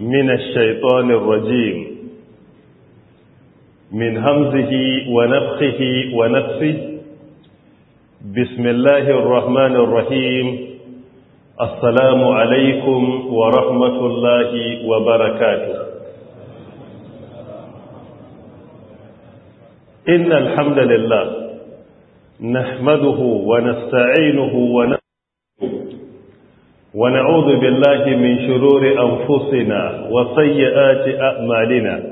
من الشيطان الرجيم من همزه ونفخه ونفسه بسم الله الرحمن الرحيم السلام عليكم ورحمة الله وبركاته إن الحمد لله نحمده ونستعينه ونستعينه ونعوذ بالله من شرور أنفسنا وسيئات أعمالنا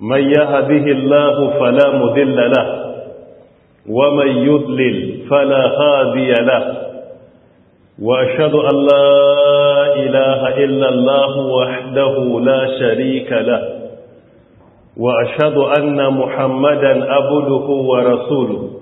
من يهده الله فلا مذل له ومن يذلل فلا هادي له وأشهد أن لا إله إلا الله وحده لا شريك له وأشهد أن محمدا أبده ورسوله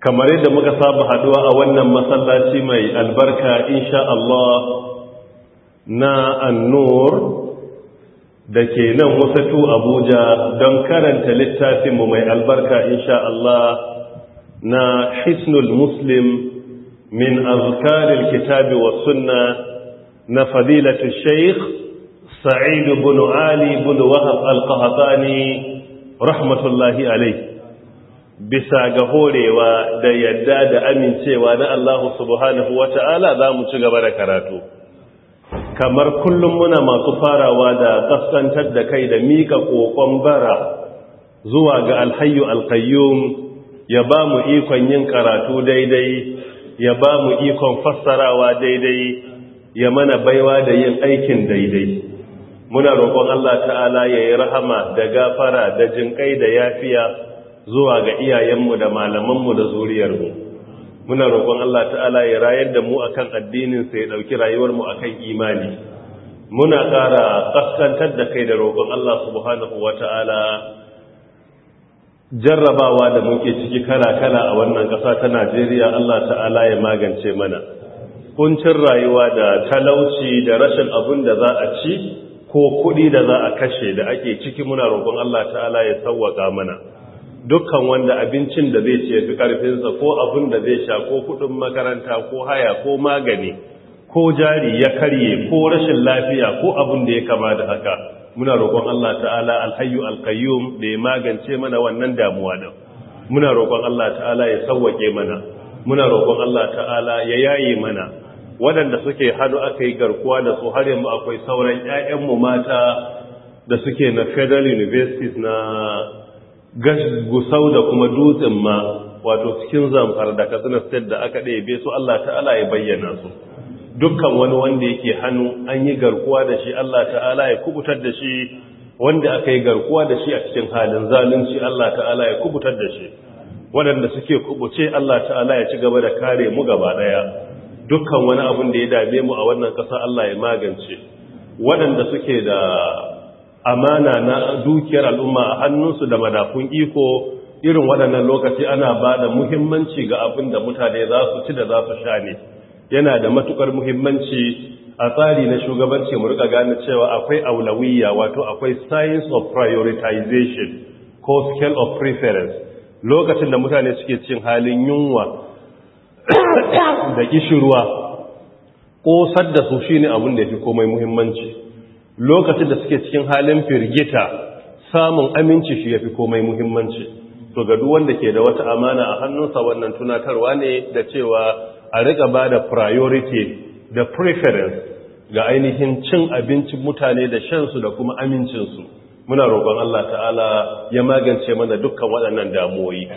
kamar yadda muka saba haduwa a wannan masallaci mai albarka insha Allah na annur da ke nan wasatu abuja don karanta littafinmu mai albarka insha Allah na hisnul muslim min azkarin kitabi wa sunna na fadilatu sheikh Sa'idu bin ali bin wahab al rahmatullahi alaih. bisa ga horewa da yadda da amincewa na Allah subhanahu wa ta'ala za mu ci gaba da karatu kamar kullum muna masu farawa da kaskantar da kai da mika kokon bara zuwa ga alhayu alkayyum ya ba mu ikon yin karatu daidai ya ba mu ikon fassarawa daidai ya mana baiwa da yin aikin daidai muna roƙon Allah ta'ala ya yi rahama da gafara da jinƙai da yafiya zuwa ga iyayenmu da malamanmu da zuriyarmu muna roƙon Allah ta'ala ya rayar da mu akan addinin sa ya dauki rayuwar mu akan imani muna ƙara kaskantar da kai da roƙon Allah subhanahu wata'ala jarrabawa da muke ciki kala-kala a wannan ƙasa ta Najeriya Allah ta'ala ya magance mana kuncin rayuwa da talauci da rashin abin da za a ci ko kuɗi da za a kashe da ake ciki muna roƙon Allah ta'ala ya sauwaƙa mana dukkan wanda abincin da zai ce fi karfinsa ko abin da zai sha ko kuɗin makaranta ko haya ko magani ko jari ya karye ko rashin lafiya ko abin da ya kama da haka muna roƙon Allah ta'ala alhayyu alqayyum da ya magance mana wannan damuwa din muna roƙon Allah ta'ala ya sauwake mana muna roƙon Allah ta'ala ya yaye mana waɗanda suke hannu aka yi garkuwa da su har yanzu akwai sauran mu mata da suke na federal universities na gusau da kuma dutsen ma wato cikin zamfar da katsina state da aka ɗebe su Allah ta'ala ya bayyana su dukkan wani wanda yake hannu an yi garkuwa da shi Allah ta'ala ya kubutar da shi wanda aka yi garkuwa da shi a cikin halin zalunci Allah ta'ala ya kubutar da shi waɗanda suke kubuce Allah ta'ala ya ci gaba da kare mu gaba ɗaya dukkan wani abin da ya dame mu a wannan ƙasa Allah ya magance waɗanda suke da amana na dukiyar al'umma a hannunsu da madafun iko irin waɗannan lokaci ana ba da muhimmanci ga abin da mutane za su ci da za su sha ne yana da matuƙar muhimmanci a tsari na shugabanci mu rika gane cewa akwai Aulawiya, wato akwai science of prioritization ko scale of preference lokacin da mutane suke cin halin yunwa da kishirwa ƙosar da su shine abin da ya fi komai muhimmanci lokacin da suke cikin halin firgita samun aminci shi ya fi komai muhimmanci to ga duk wanda ke da wata amana a hannunsa wannan tunatarwa ne da cewa a riga ba da priority da preference ga ainihin cin abincin mutane da shansu da kuma amincinsu muna roƙon Allah ta'ala ya magance mana dukkan waɗannan damuwoyi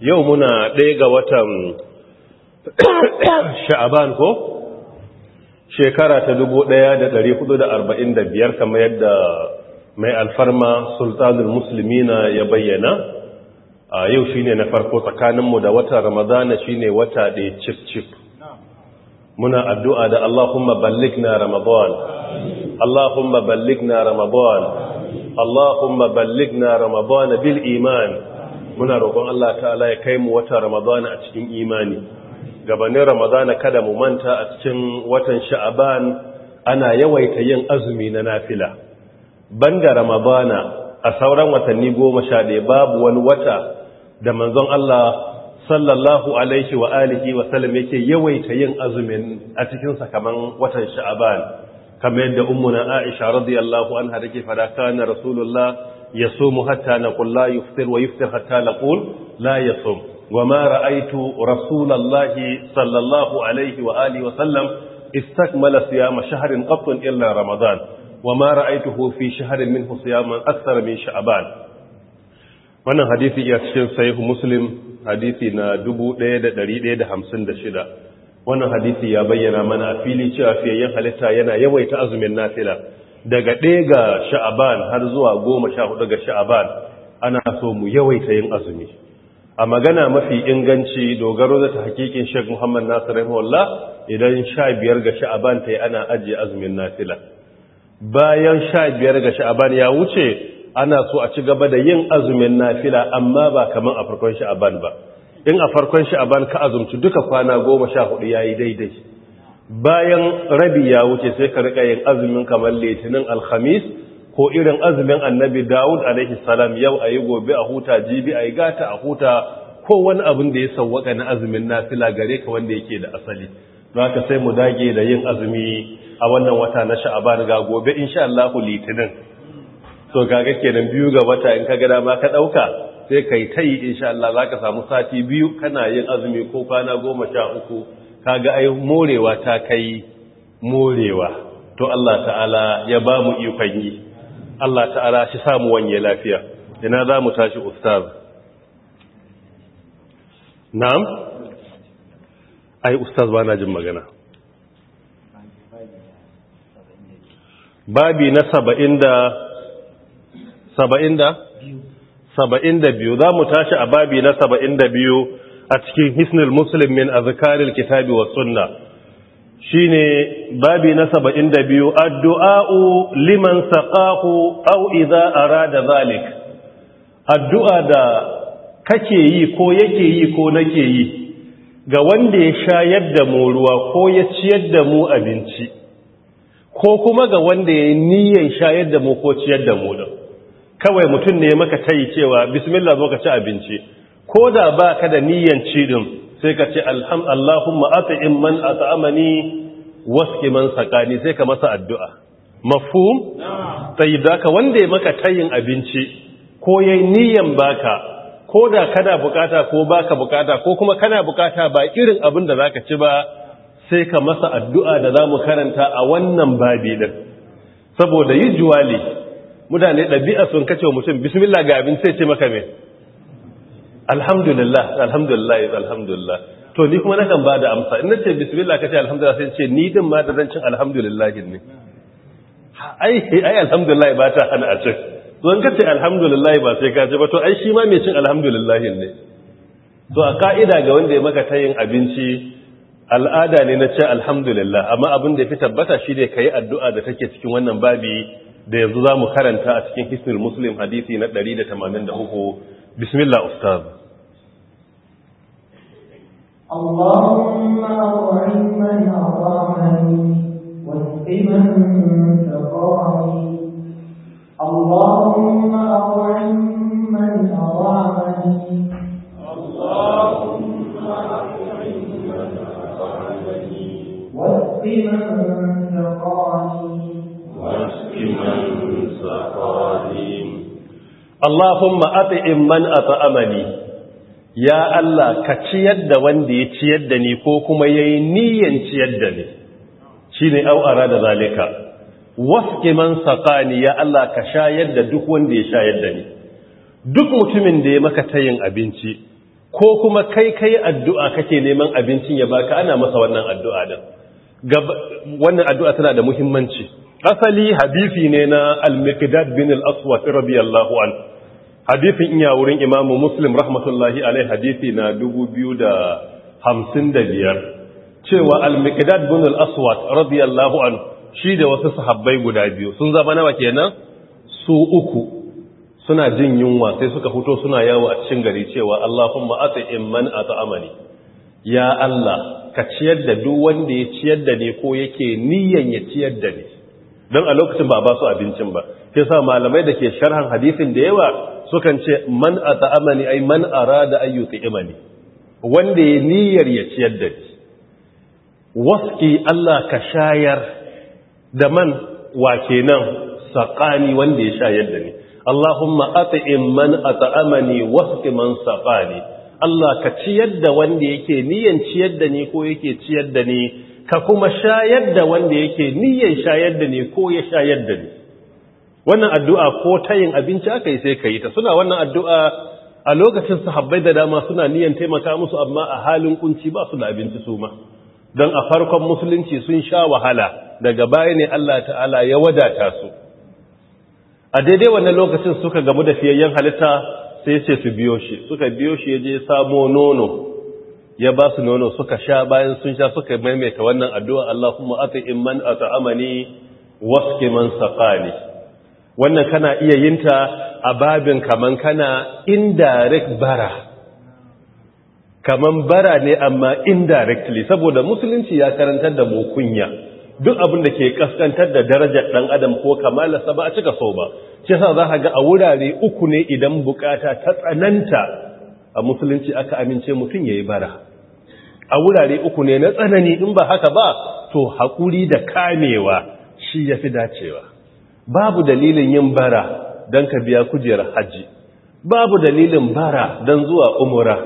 yau muna ɗaya ga watan sha'aban ko shekara ta 1445 kamar yadda mai alfarma sultanul na ya bayyana a yau shine na farko tsakaninmu da watan ramadana shine wata ɗaya cif cif muna addu'a da Allahumma balligna ramadan Allahumma balligna ramadan Allahumma balligna ramadan bil iman muna roƙon Allah ta'ala ya kai mu wata ramadana a cikin imani gabanin ramadana kada mu manta a cikin watan sha'aban ana yawaita yin azumi na nafila banda ramadana a sauran watanni goma sha ɗaya babu wani wata da manzon Allah sallallahu alaihi wa alihi wa sallam yake yawaita yin azumin a cikin sa kaman watan sha'aban kamar yadda ummuna Aisha radiyallahu anha take fada kana rasulullah ya so mu hata na kula yuftir wa yuftir hata na kul la ya so wa mara sallallahu alaihi wa alihi wasallam istakmala siyama shaharin qabtun illa ramadan wa mara aitu hu fi shaharin minhu siyaman aksar min sha'aban wannan hadithi ya cikin sahihu muslim hadithi na 1156 wannan hadithi ya bayyana mana fili cewa fiyayyen halitta yana yawaita azumin nafila daga ɗaya ga sha'aban har zuwa goma sha hudu ga sha'aban ana so mu yawaita yin azumi a magana mafi inganci dogaro da ta hakikin shek muhammad nasir rahimahullah idan sha biyar ga sha'aban ta ana ajiye azumin nafila bayan sha biyar ga sha'aban ya wuce ana so a ci gaba da yin azumin nafila amma ba kamar a farkon sha'aban ba in a farkon sha'aban ka azumci duka kwana goma sha hudu ya yi daidai bayan rabi ya wuce sai ka rika yin azumin kamar litinin alhamis ko irin azumin annabi dawud alaihi salam yau a yi gobe a huta jibi a yi gata a huta ko wani abin da ya sauwaka na azumin na, fila gare ka wanda yake da asali don haka sai mu dage da yin azumi a wannan wata na sha'aban ga gobe sha Allah litinin so kaga kenan biyu ga wata in ka ga dama ka ɗauka, sai kai tayi insha Allah zaka samu sati biyu kana yin azumi ko kwana goma sha uku. kaga ai morewa ta kai morewa to Allah ta'ala ya ba mu ikon yi Allah ta'ala shi samu wanye lafiya ina za mu tashi ustaz na'am ai ustaz ba na jin magana babi na saba'in da saba'in da saba'in da biyu za mu tashi a babi na saba'in da biyu a cikin hisnul muslim min azkaril kitabi was sunna shine babi na 72 addu'a'u liman saqahu aw idha arada zalik addu'a da kake yi ko yake yi ko nake yi ga wanda ya shayar da mu ruwa ko ya ciyar da mu abinci ko kuma ga wanda ya niyyar shayar da mu ko ciyar da mu kawai mutum ne maka tayi cewa bismillah zo ka ci abinci ko da ba ka da niyan ci din sai ka ce Allahumma at'im man at'amani waski man sakani sai ka masa addu'a mafhum za ka wanda ya maka tayin abinci ko ya niyyar niyan ka, ko da kana bukata ko ba ka bukata ko kuma kana bukata ba irin abin da za ka ci ba sai ka masa addu'a da za mu karanta a wannan babi ɗin saboda yi juwali mutane ɗabi'a sun kace mutum bismillah ga abin sai ce maka mai alhamdulillah alhamdulillah alhamdulillah to ni kuma nakan ba da amsa in nace bismillah kace alhamdulillah sai ce ni din ma da zancin alhamdulillah ne ai ai alhamdulillah ba ta hana a ce don kace alhamdulillah ba sai ka ce ba to ai shi ma me cin alhamdulillah ne to a ka'ida ga wanda ya maka tayin abinci al'ada ne na ce alhamdulillah amma abin da ya fi tabbata shi ne ka yi addu'a da take cikin wannan babi da yanzu za mu karanta a cikin hisnul muslim hadisi na 183 bismillah ustaz اللهم أطعم من أطعمني واسق من سقاني اللهم أطعم من أطعمني اللهم أطعم من أطعمني واسق من سقاني واسق من سقاني اللهم أطعم من أطعمني ya Allah ka ciyar da wanda ya ciyar da ni ko kuma ya yi niyan ciyar da ni shi ne au'ara da zalika wasu man saƙani ya Allah ka sha da duk wanda ya shayar da ni duk mutumin da ya maka ta yin abinci ko kuma kai kai addu'a kake neman abincin ya baka ana masa wannan addu'a da wannan addu'a tana da muhimmanci asali hadisi ne na al-miqdad bin al-aswad radiyallahu anhu hadisin iya wurin imamu muslim rahmatullahi alai hadisi na 2055 cewa al Cewa bin al-aswad radiyallahu an shi da wasu sahabbai guda biyu sun zama nawa kenan su uku suna jin yunwa sai suka fito suna yawo a cikin gari cewa Allahumma at'im man amani. ya Allah ka ciyar da duk wanda ya ciyar da ni ko yake niyan ya ciyar da ni don a lokacin ba a ba su abincin ba ke sa malamai da ke sharhan hadisin da yawa sukan ce man a ta'amani ai man a da ayyuka imani wanda ya niyyar ya ciyar da ni waski Allah ka shayar da man wa kenan saƙani wanda ya shayar da ni Allahumma at'im man ta'amani waski man saqani Allah ka ciyar da wanda yake niyyar ciyar da ni ko yake ciyar da ni ka kuma shayar da wanda yake niyyar shayar da ne ko ya shayar da ne wannan addu'a ko tayin abinci aka yi sai ka yi ta suna wannan addu'a a lokacin su sahabbai da dama suna niyyar taimaka musu amma a halin kunci ba su da abinci su ma don a farkon musulunci sun sha wahala daga baya ne Allah ta'ala ya wadata su a daidai wannan lokacin suka gamu da fiyayyen halitta sai ce su biyo shi suka biyo shi ya je samo nono ya ba su nono suka sha bayan sun sha suka maimaita wannan addu'a a ati man ta’amani waske man saƙani. wannan kana iya yinta a babin kaman kana indirect bara kaman bara ne amma indirectly saboda musulunci ya karantar da mu duk abin da ke kaskantar da darajar ɗan adam ko kamalarsa ba a cika so ba ce sa za ka ga a wurare uku ne idan bukata ta tsananta a musulunci aka amince mutum ya yi bara a wurare uku ne na tsanani in ba haka ba to haƙuri da kamewa shi ya fi dacewa babu dalilin yin bara don ka biya kujerar hajji babu dalilin bara don zuwa umura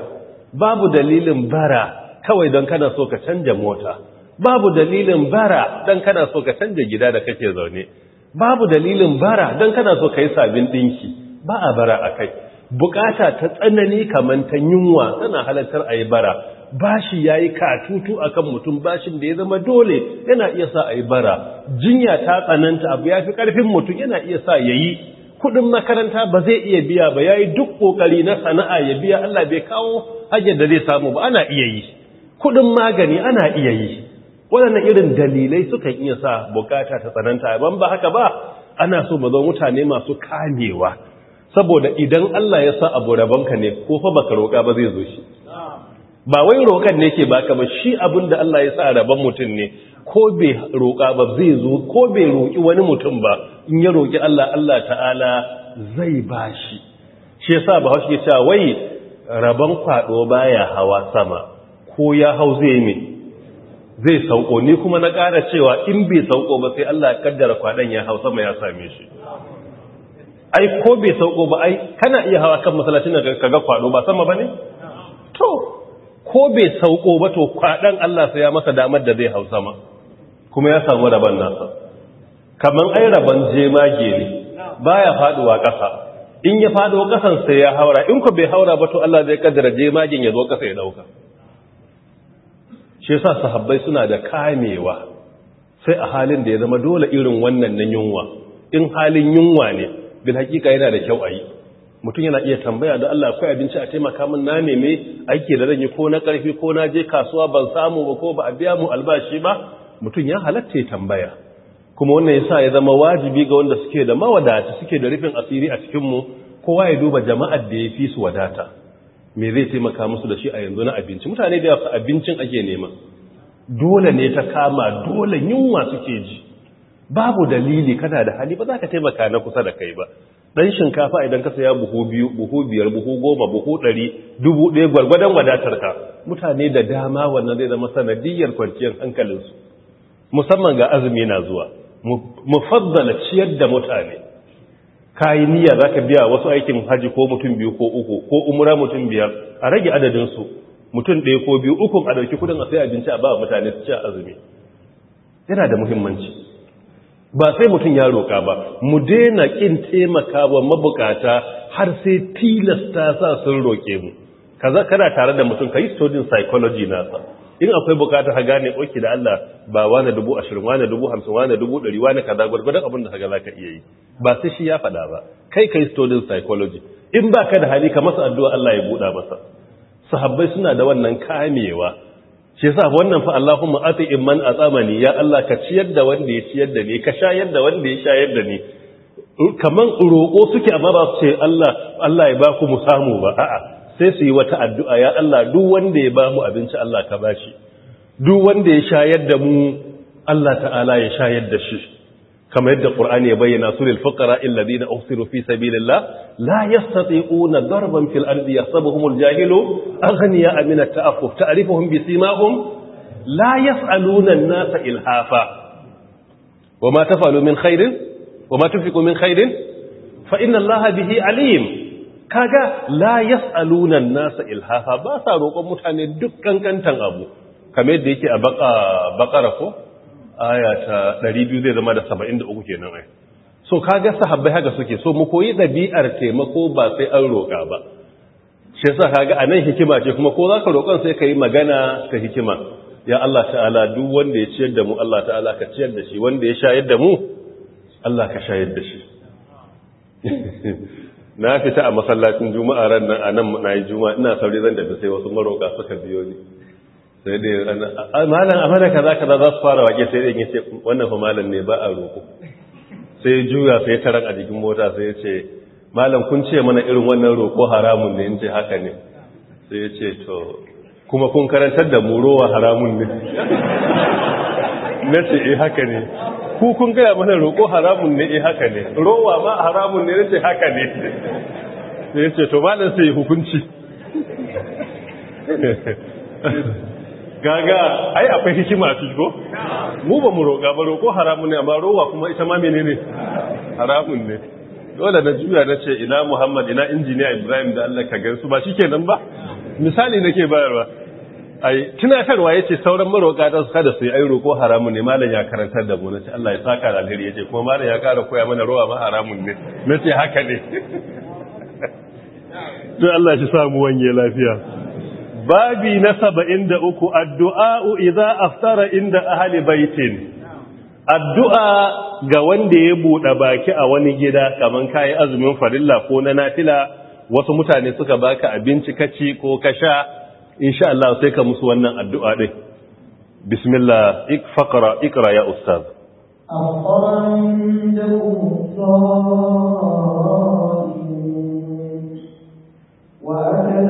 babu dalilin bara kawai don kana so ka canja mota babu dalilin bara don kana so ka canja gida da kake zaune babu dalilin bara don kana so ka yi sabin ɗinki ba a bara a kai bukata ta tsanani kamar ta yunwa tana halartar a yi bara bashi ya yi katutu a kan mutum bashin da ya zama dole yana iya sa a yi bara jinya ta tsananta abu ya fi ƙarfin mutum yana iya sa ya yi kuɗin makaranta ba zai iya biya ba ya yi duk ƙoƙari na sana'a ya biya Allah bai kawo hanyar da zai samu ba ana iya yi kuɗin magani ana iya yi waɗannan irin dalilai sukan iya sa bukata ta tsananta ban ba haka ba ana so mu zama mutane masu kamewa saboda idan Allah ya sa abu rabonka ne ko fa baka roƙa ba zai zo shi ba wai roƙan ne ke baka ba shi abin da Allah ya sa rabon mutum ne ko bai roƙa ba zai zo ko bai roƙi wani mutum ba in ya roƙi Allah Allah ta'ala zai ba shi shi sa ba haushi ya wai rabon ba ya hawa sama ko ya hau zai mai zai sauko ni kuma na ƙara cewa in bai sauko ba sai Allah ya kaddara kwaɗon ya hau sama ya same shi ai ko bai sauko ba ai kana iya hawa kan masallacin da kaga kwaɗo ba sama ba ne? to ko bai sauko ba to kwaɗan Allah sai ya masa damar da zai hau sama kuma ya samu rabon nasa Kaman ai rabon jemage ne baya faduwa ƙasa in ya faɗo ƙasan sai ya haura in ku bai haura ba to Allah zai kaddara jemagen ya zo ƙasa ya ɗauka. shi yasa sahabbai suna da kamewa sai a halin da ya zama dole irin wannan na yunwa in halin yunwa ne bil hakika yana da kyau a yi mutum yana iya tambaya da Allah akwai abinci a taimaka min na neme aiki da zan ko na karfi ko na je kasuwa ban samu ba ko ba a biya mu albashi ba mutum ya halatta ya tambaya kuma wannan yasa ya zama wajibi ga wanda suke da mawadata suke da rufin asiri a cikin mu kowa ya duba jama'ar da ya fi su wadata me zai taimaka musu da shi a yanzu na abinci mutane da yawa abincin ake nema dole ne ta kama dole yunwa suke ji babu dalili kana da hali ba za ka taimaka na kusa da kai ba dan shinkafa idan ka saya buhu biyu buhu biyar buhu goma buhu ɗari dubu ɗaya gwargwadon wadatarka mutane da dama wannan zai zama sanadiyar kwanciyar hankalinsu musamman ga azumi na zuwa mu faddala ciyar da mutane kayi niyya za ka biya wasu aikin haji ko mutum biyu ko uku ko umura mutum biyar a rage adadinsu mutum ɗaya ko biyu ukun a ɗauki kuɗin a sai abinci a ba mutane su ci azumi yana da muhimmanci ba sai mutum ya roƙa ba mu daina ƙin taimaka wa mabukata har sai tilasta sa sun roƙe mu kaza kana tare da mutum ka yi studying psychology nasa in akwai bukata ka gane oke da Allah ba wani dubu ashirin wani dubu hamsin wani dubu ɗari wani kaza gwargwadon abin da kaga za ka iya yi ba sai shi ya faɗa ba kai ka yi studying psychology in ba ka da hali ka masa addu'a Allah ya buɗa masa sahabbai suna da wannan kamewa shi sa wannan fa Allahumma ati imman tsamani ya Allah ka ciyar da wanda ya ciyar da ni ka shayar da wanda ya shayar da ni kaman roƙo suke a ba su ce Allah Allah ya ba ku mu samu ba a'a sai su yi wata addu'a ya Allah duk wanda ya ba mu abinci Allah ka ba shi duk wanda ya shayar da mu Allah ta'ala ya shayar da shi Kama yadda Qur'ani ya bayyana su lil fuqara alladhina uhsiru fi sabilillah la yastati'una darban fil ardi yasabuhumul jahilu aghniya min at-ta'affuf ta'rifuhum bi simahum la yas'aluna an-nasa ilhafa wama tafalu min khairin wama tunfiqu min khairin fa inna Allaha bihi alim kaga la yas'aluna an-nasa ilhafa ba sa roƙon mutane duk kankantan abu kama yadda yake a baqara ko aya ta 200 zai zama da 73 kenan ai so kaga sahabbai haka suke so mu koyi dabi'ar taimako ba sai an roka ba shi yasa kaga anan hikima ce kuma ko zaka roƙon sai kai magana ta hikima ya Allah ta'ala duk wanda ya ciyar da mu Allah ta'ala ka ciyar da shi wanda ya shayar da mu Allah ka shayar da shi na fita a masallacin juma'a ran nan anan na yi juma'a ina zan da sai wasu maroka suka biyo ni sai dai malam amana kaza kaza za su fara wake sai dai yace wannan fa malam ne ba a roko sai juya sai taran a jikin mota sai yace malam kun ce mana irin wannan roko haramun ne yace haka ne sai yace to kuma kun karantar da mu rowa haramun ne nace eh haka ne ku kun gaya mana roko haramun ne eh haka ne rowa ma haramun ne nace haka ne sai yace to malam sai hukunci gaga ai akwai hikima a ciki ko mu ba mu roƙa ba roƙo haramun ne amma rowa kuma ita ma menene haramun ne dole na juya na ce ina Muhammad ina injiniya Ibrahim da Allah ka gansu ba shikenan ba misali nake bayarwa ai tunatarwa yace sauran maroƙa da su kada su yi ai roƙo haramun ne malam ya karantar da mu nace Allah ya saka da alheri yace kuma malam ya kara koya mana rowa ma haramun ne nace haka ne to Allah shi samu wanye lafiya babi na saba'in da uku addu'a'u iza aftara inda ahali baitin addu'a ga wanda ya buɗe baki a wani gida kamar kayi azumin farilla ko na nafila wasu mutane suka baka abinci kaci ko ka sha insha Allah sai ka musu wannan addu'a ɗin bismillah ik faƙara ikra ya ustaz وأكل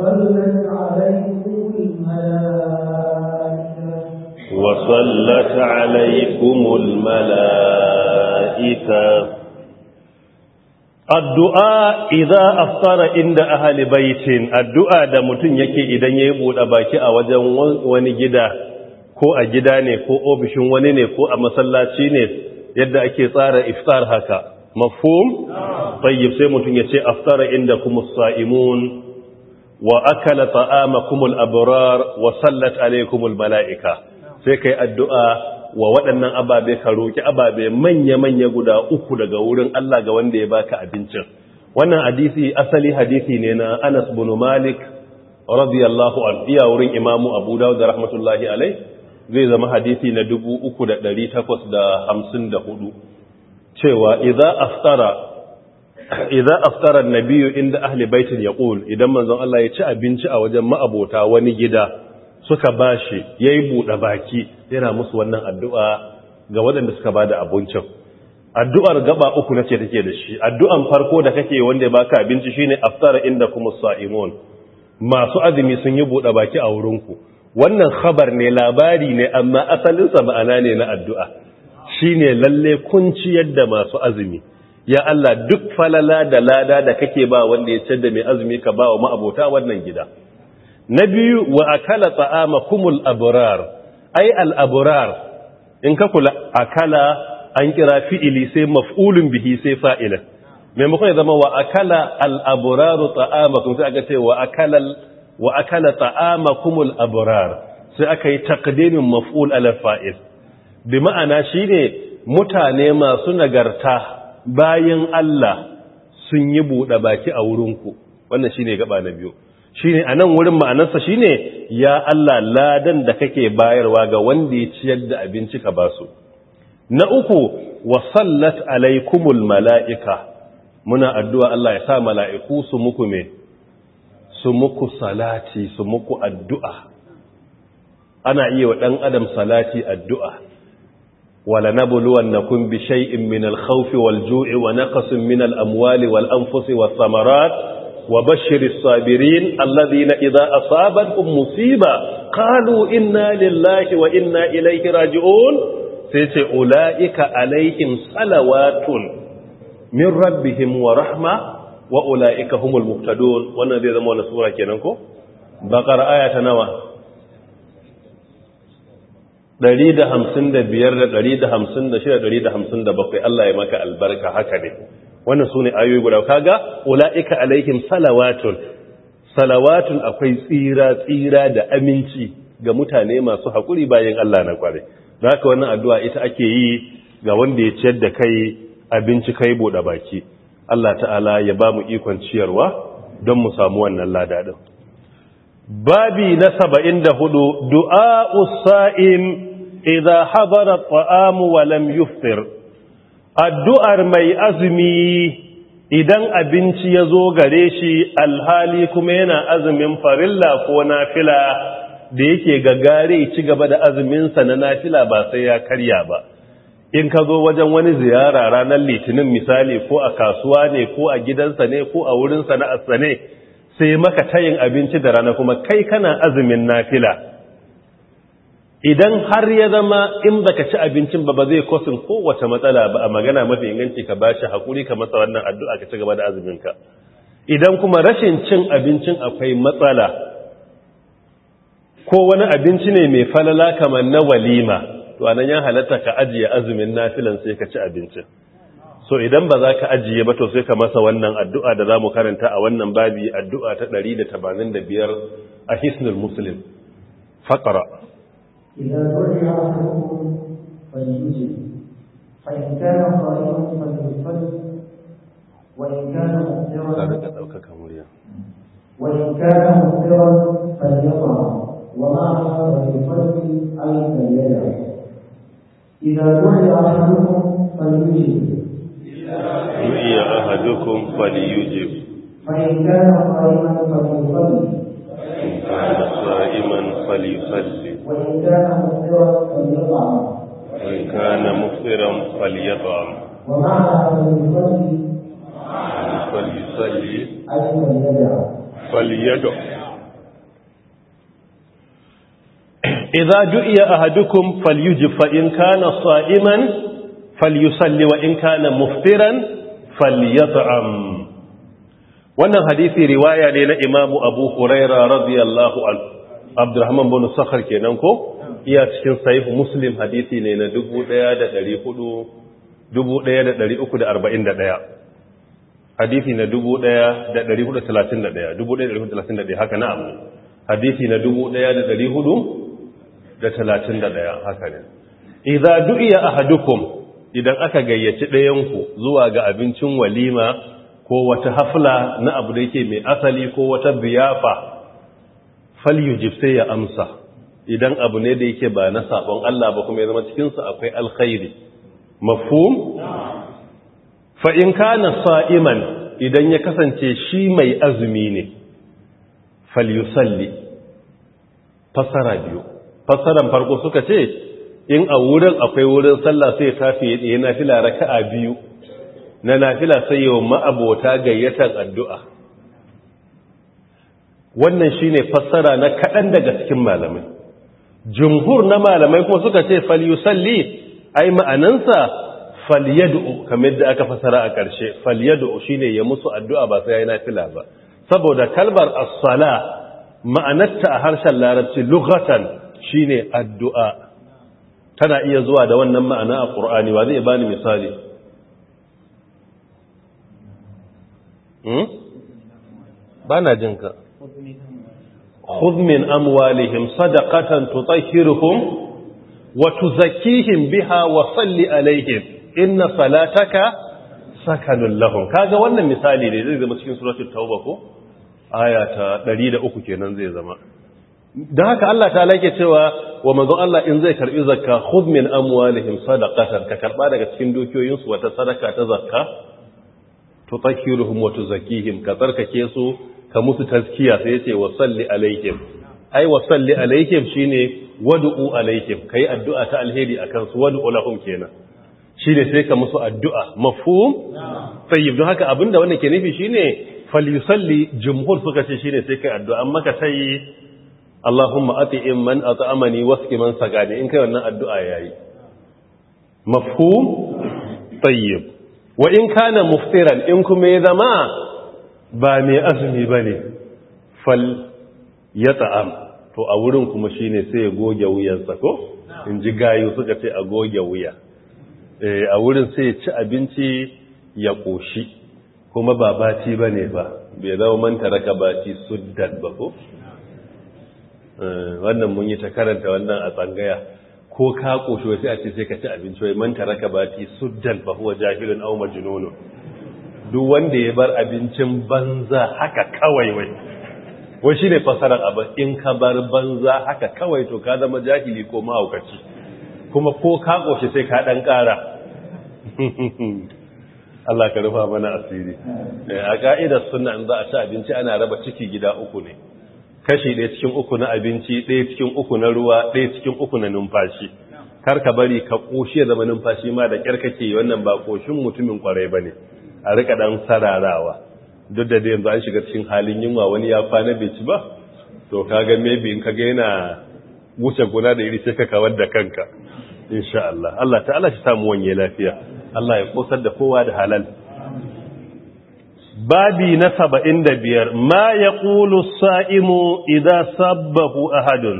وصلت عليكم الملائكة وصلت عليكم الملائكة Addu'a idan afsara inda ahali baitin, addu'a da mutum yake idan ya yi buɗe baki a wajen wani gida, ko a gida ne, ko ofishin wani ne, ko a masallaci ne, yadda ake tsara iftar haka. Mafhum? Tayyib sai mutum ya ce, afsara inda kuma sa'imun wa akala ta'amakumul abrar wa sallat alaykumul malaika sai kai addu'a wa waɗannan ababe ka roki ababe manya-manya guda uku daga wurin Allah ga wanda ya baka abincin wannan hadisi asali hadisi ne na Anas bin Malik radiyallahu anhu iya wurin imamu Abu Dawud da rahmatullahi alai zai zama hadisi na 3854 cewa idza aftara Idan aftara nabiyu inda ahli baitin ya yaqul idan manzon Allah ya ci abinci a wajen ma'abota wani gida suka bashi yayi buɗa baki yana musu wannan addu'a ga waɗanda suka ba bada abincin addu'ar gaba uku na nace take da shi addu'an farko da kake wanda ya baka abinci shine aftara inda kuma sa'imun masu azumi sun yi buɗa baki a wurinku wannan khabar ne labari ne amma asalinsa ma'ana ne na addu'a shine lalle kun ciyar da masu azumi ya Allah duk falala da lada da kake ba wanda ya da mai azumi ka ba wa ma'abota wannan gida na biyu wa akala kumul abrar ai al abrar in ka kula akala an kira fi'ili sai maf'ulun bihi sai fa'ila maimakon ya zama wa akala al abrar ta'amakum sai aka ce wa akala wa akala ta'amakumul abrar sai aka yi taqdimin maf'ul ala fa'il bi ma'ana shine mutane masu nagarta bayan Allah sun yi buɗe baki a wurinku wannan shi ne gaba na biyu Shi ne a nan wurin ma'anarsa shi ne ya Allah ladan da kake bayarwa ga wanda ya ciyar da abinci ka basu na uku wa sallat alaikumul mala'ika muna addu'a Allah ya sa mala'iku su muku me su muku salati su muku addu'a ana iya wa ɗan adam salati addu'a ولنبلونكم بشيء من الخوف والجوع ونقص من الأموال والأنفس والثمرات وبشر الصابرين الذين إذا أصابتهم مصيبة قالوا إنا لله وإنا إليه راجعون أولئك عليهم صلوات من ربهم ورحمة وأولئك هم المهتدون وانا ذي ذمونا سورة كننكو بقر آية نواه ɗari Allah ya maka albarka haka ne wannan su ne ayoyi guda kaga ula'ika alaikin salawatun salawatun akwai tsira tsira da aminci ga mutane masu haƙuri bayan Allah na kware da haka wannan addu'a ita ake yi ga wanda ya ciyar da kai abinci kai buɗa baki Allah ta'ala ya ba mu ikon ciyarwa don mu samu wannan lada babi na saba'in da hudu du'a'u sa'in. idza hadara at'amu wa lam yufṭir addu'ar mai azumi idan abinci yazo gare shi alhali kuma yana azumin farilla ko nafila da yake gagare ci gaba da azuminsa na nafila ba sai ya karya ba in ka zo wajen wani ziyara ranar litinin misali ko a kasuwa ne ko a gidansa ne ko a wurin sana'arsa ne sai maka tayin abinci da rana kuma kai kana azumin nafila idan har ya zama in baka ci abincin ba ba zai kosin kowace matsala ba a magana mafi inganci ka bashi hakuri ka masa wannan addu'a ka ci gaba da azumin ka idan kuma rashin cin abincin akwai matsala ko wani abinci ne mai falala kamar na walima to anan ya halatta ka ajiye azumin nafilan sai ka ci abincin so idan ba za ka ajiye ba to sai ka masa wannan addu'a da zamu karanta a wannan babi addu'a ta 185 a hisnul muslim faqara إذا رجع أحدكم فليجب فإن كان قائما فليصلي وإن كان مقدرا وإن كان مقدرا فليقرأ ومع فليصلي أي فليدع إذا دعي أحدكم فليجب دعي أحدكم فليجب فإن كان قائما فليصلي فليصلي وإن كان مفطرا فليطعم فليصلي فليدع إذا دعي أحدكم فليجب فإن كان صائما فليصلي وإن كان مفطرا فليطعم wannan hadisi riwaya ne na imamu abu huraira radiyallahu anhu abdurrahman bin sakhar kenan ko iya cikin sahih muslim hadisi ne na 1400 1341 hadisi na 1431 1431 haka na'am hadisi na 1431 haka ne idza du'iya ahadukum idan aka gayyaci dayanku zuwa ga abincin walima ko wata hafla na abu da yake mai asali ko wata biyafa? falyujib sai ya amsa idan abu ne da yake ba na sabon Allah ba kuma ya zama sa akwai alkhairi mafhum fa in kana sa'iman idan ya kasance shi mai azumi ne falyusalli fasara biyu fasaran farko suka ce in a wurin akwai wurin sallah sai ya tafi ya nafila raka'a biyu na nafila sai yawan ma'abota gayyatar addu'a wannan shi ne fassara na kaɗan daga cikin malamai jumhur na malamai kuma suka ce falyusalli ai ma'anansa falyad'u kamar da aka fassara a ƙarshe falyad'u ne ya musu addu'a ba sai yayi nafila ba saboda kalmar asfala ma'anarta a harshen larabci lughatan ne addu'a tana iya zuwa da wannan ma'ana a Kur'ani. wa zai bani misali hmm? ba na jinka خذ من أموالهم صدقة تطهرهم وتزكيهم بها وصل عليهم إن صلاتك سكن لهم كذا وانا مثالي لي زي ما cikin suratul tauba ko aya ta 103 kenan zai zama dan haka Allah ta lake cewa wa manzo Allah in zai karbi zakka khudh min amwalihim sadaqatan ka karba daga cikin dukiyoyin wata sadaka ta zakka tutahhiruhum ka tsarkake su ka musu taskiya sai yace wa salli alaikim ai wa salli shine wad'u alaikim kai addu'a ta alheri akan su wad'u lahum kenan shine sai ka musu addu'a mafhum tayyib don haka abinda wannan ke nufi shine falyusalli jumhur suka ce shine sai kai addu'a amma ka tayi Allahumma in man at'amani wasqi man sagani in kai wannan addu'a yayi mafhum tayyib wa in kana muftiran in kuma ya zama ba mai azumi ba ne fal ya ta'am to a wurin kuma shi ne sai ya goge wuyansa ko in ji gayu suka ce a goge wuya eh, a wurin sai ya ci abinci ya ƙoshi kuma ba baci ba ne ba bai zama manta raka baci suddan ba ko eh, wannan mun yi ta karanta wannan a tsangaya ko ka ƙoshi wasu a ce sai ka ci abinci wai manta raka baci suddan ba kuwa jahilin au majnunun duk wanda ya bar abincin banza haka kawai wai wai shi ne fasarar abin in ka bar banza haka kawai to ka zama jahili ko mahaukaci kuma ko ka ƙoshi sai ka ɗan ƙara Allah ka rufa mana asiri eh, a ka'idar suna in za a ci abinci ana raba ciki gida uku ne kashi ɗaya cikin uku na abinci ɗaya cikin uku na ruwa ɗaya cikin uku na numfashi kar ka bari ka ƙoshi ya zama numfashi ma da ƙyar kake wannan ba ƙoshin mutumin ƙwarai ba ne a rika dan sararawa duk da dai yanzu an shiga cikin halin yunwa wani ya fana bai ci ba to kaga maybe in kaga yana wuce gona da iri sai ka kawar da kanka insha Allah Allah ta'ala shi samu wanye lafiya Allah ya kosar da kowa da halal babi na 75 ma ya as-sa'imu idza sabbahu ahadun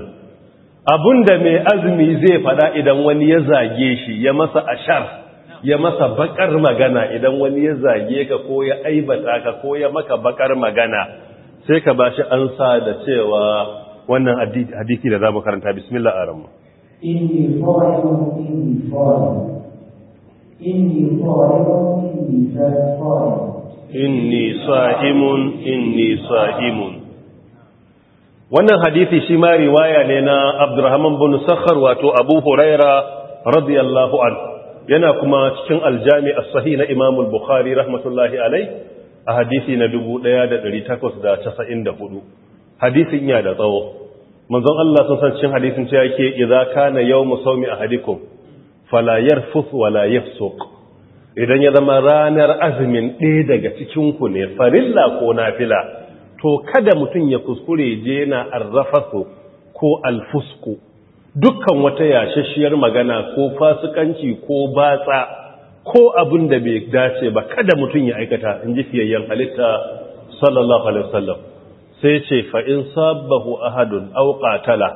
da mai azumi zai faɗa idan wani ya zage shi ya masa ashar ya masa bakar magana idan wani ya zage ka ko ya aibata ka ko ya maka bakar magana sai ka bashi ansa da cewa wannan hadisi da zamu karanta bismillah arhamu inni inni inni sa'imun inni sa'imun wannan hadisi shi ma riwaya ne na Abdurrahman bin Sakhar wato Abu Huraira radiyallahu anhu yana kuma cikin aljami sahi sahi na imamul bukhari rahmatullahi alai a hadisi na 1894 hadisin ya da tsawo manzon Allah sun san cikin hadisin ce yake idza kana yawmu sawmi ahadikum fala yarfuth wala yafsuq idan ya zama ranar azumin ɗaya daga cikin ku ne farilla ko fila, to kada mutum ya kuskure je na arrafasu ko alfusku dukkan wata yashashiyar magana ko fasikanci ko batsa ko abin da bai dace ba kada mutum ya aikata in ji fiyayyen halitta sallallahu alaihi wasallam sai ce fa in sabbahu ahadun aw qatala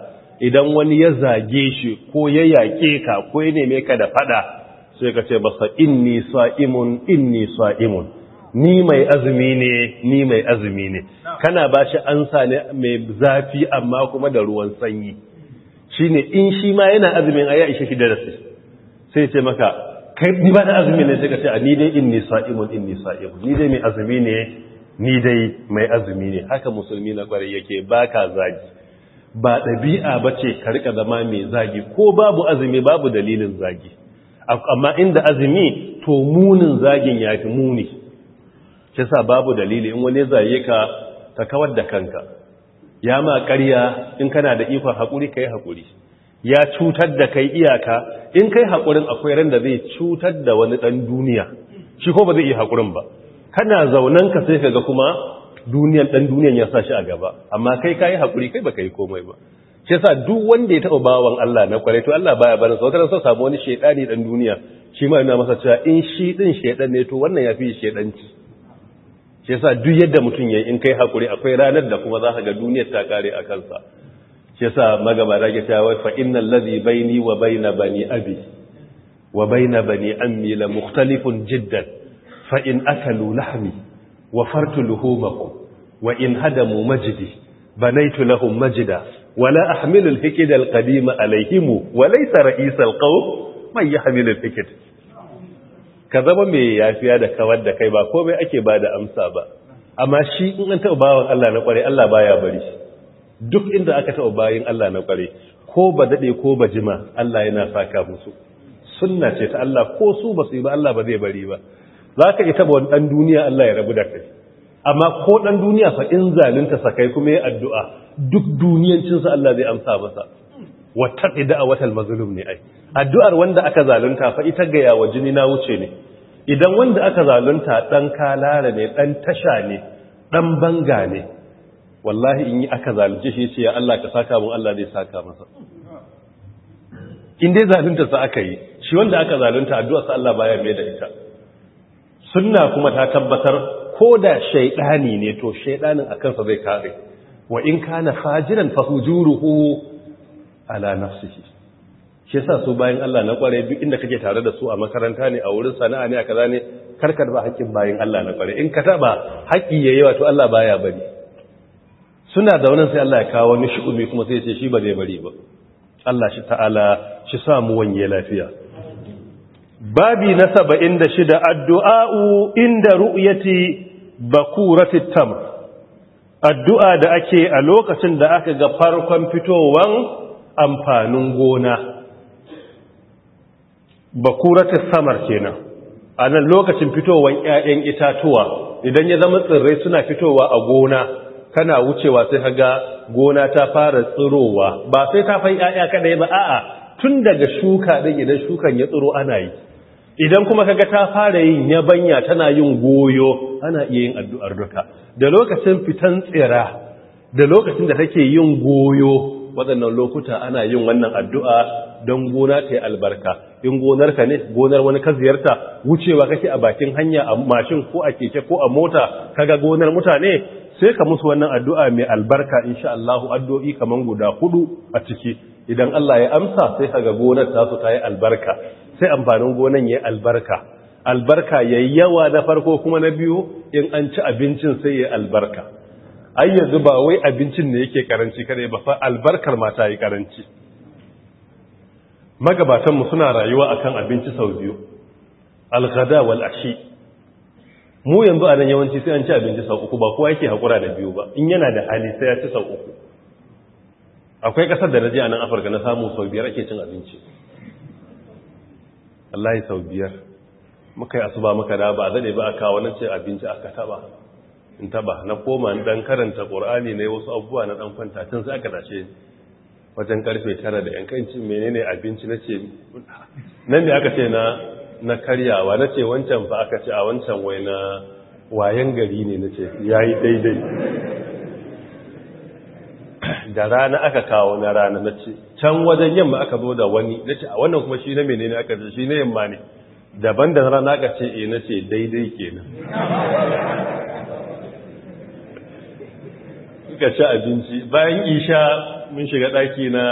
idan wani ya zage shi ko ya yake ka ko ya neme ka da fada sai ka ce basa inni sa'imun inni sa'imun ni mai azumi ne ni mai azumi ne kana bashi shi ansa ne mai zafi amma kuma da ruwan sanyi Shi ne in shi ma yana azumin a ya ishe shi darasi sai ce maka kai ni ba na azumi ne sai ka ce a ni dai in nisa, imun in nisa imun ni dai mai azumi ne ni dai mai azumi ne haka musulmi na kwarai yake ka zagi ba ɗabi'a ba ce ka rika zama mai zagi ko babu azumi babu dalilin zagi amma inda azumi to munin zagin ya fi muni shi babu dalili in wani zaye ka ta kawar da kanka ya ma ƙarya in kana da ikon haƙuri ka yi haƙuri ya cutar da kai iyaka in kai haƙurin akwai ran da zai cutar da wani ɗan duniya shi ko ba zai iya haƙurin ba kana zaunan ka sai kaga kuma duniyan ɗan duniyan ya sa shi a gaba amma kai ka yi haƙuri kai ba ka yi komai ba shi yasa duk wanda ya taɓa bawan Allah na kwarai to Allah baya barin sa wata sa samu wani shedani ɗan duniya shi ma yana masa cewa in shi ɗin shedan ne to wannan ya fi shedanci shi yasa duk yadda mutum yayi in kai hakuri akwai ranar da kuma za ka ga duniyar ta kare a kansa shi yasa magabata ke cewa fa innal ladhi baini wa baina bani abi wa baina bani ammi la mukhtalifun jiddan fa in akalu lahmi wa fartu luhumakum wa in hadamu majdi banaitu lahum majda ولا أحمل الهكد القديم عليهم وليس رئيس القوم من يحمل الهكد ka zama mai yafiya da kawar da kai ba ko bai ake ba da amsa ba amma shi in an taɓa bawan Allah na ƙware Allah baya bari duk inda aka taɓa bayin Allah na ƙware ko ba daɗe ko ba jima Allah yana ka musu sunna ce ta Allah ko su ba su yi ba Allah ba zai bari ba za ka yi taɓa wani ɗan duniya Allah ya rabu da kai amma ko ɗan duniya fa in zalunta sakai kuma ya addu'a duk duniyancinsa Allah zai amsa masa wata watan mazulum ne ai addu'ar wanda aka zalunta fa ita ga yawa jini na wuce ne idan wanda aka zalunta ɗan kalara ne dan tasha ne dan banga ne wallahi in yi aka zalunce shi ce ya Allah ka saka mun Allah zai saka masa in dai zalunta sa aka yi shi wanda aka zalunta addu'a sa Allah baya mai da ita sunna kuma ta tabbatar ko da shaydani ne to shaydanin akan sa zai kare wa in kana fajiran fa hujuruhu ala nafsihi shi yasa su bayan Allah na kware duk inda kake tare da su a makaranta ne a wurin sana'a ne a kaza ne karkar ba haƙƙin bayan Allah na kware in ka taba haƙƙi yayi wato Allah baya bari suna da wannan sai Allah ya kawo wani shi'umi kuma sai ya ce shi ba zai bari ba Allah shi ta'ala shi sa mu wanye lafiya babi na 76 addu'a'u inda ru'yati bakurati tam addu'a da ake a lokacin da aka ga farkon fitowan amfanin gona bakuratis samar kenan a nan lokacin fitowar ƴaƴan itatuwa idan ya zama tsirrai suna fitowa a gona kana wucewa sai kaga gona ta fara tsirowa ba sai ta fa 'ya'ya kadai ba a'a tun daga shuka din idan shukan ya tsiro ana yi idan kuma kaga ta fara yin yabanya tana yin goyo ana iya yin addu'ar duka da lokacin fitan tsira da lokacin da take yin goyo waɗannan lokuta ana yin wannan addu'a don gona ta yi albarka in gonarka ne gonar wani ka ziyarta wucewa kake a bakin hanya a mashin ko a keke ko a mota kaga gonar mutane sai ka musu wannan addu'a mai albarka in Allahu addu'o'i kamar guda hudu a ciki idan Allah ya amsa sai ka ga gonar tasu ta yi albarka sai amfanin gonan ya yi albarka albarka ya yawa na farko kuma na biyu in an ci abincin sai ya albarka ai yanzu ba wai abincin ne yake karanci kare ba fa albarkar ma ta yi karanci magabatanmu suna rayuwa akan abinci sau biyu alghada wal ashi mu yanzu a nan yawanci sai an ci abinci sau uku ba kowa yake hakura da biyu ba in yana da hali sai ya ci sau uku akwai kasar da naje a nan afirka na samu sau biyar ake cin abinci wallahi sau biyar muka yi asuba muka da ba zade ba a kawo ce abinci aka taba in taba na koma dan karanta qur'ani ne wasu abubuwa na dan kwanta tun sai aka dace wajen karfe 9 da yankancin menene abinci nace nan ne aka ce na na karyawa nace wancan fa aka ce a wancan wai na wayan gari ne nace yayi daidai da rana aka kawo na rana nace can wajen yamma aka zo da wani nace a wannan kuma shi na menene aka ce shi ne yamma ne daban da rana aka ce eh nace daidai kenan suka ci abinci bayan isha mun shiga daki na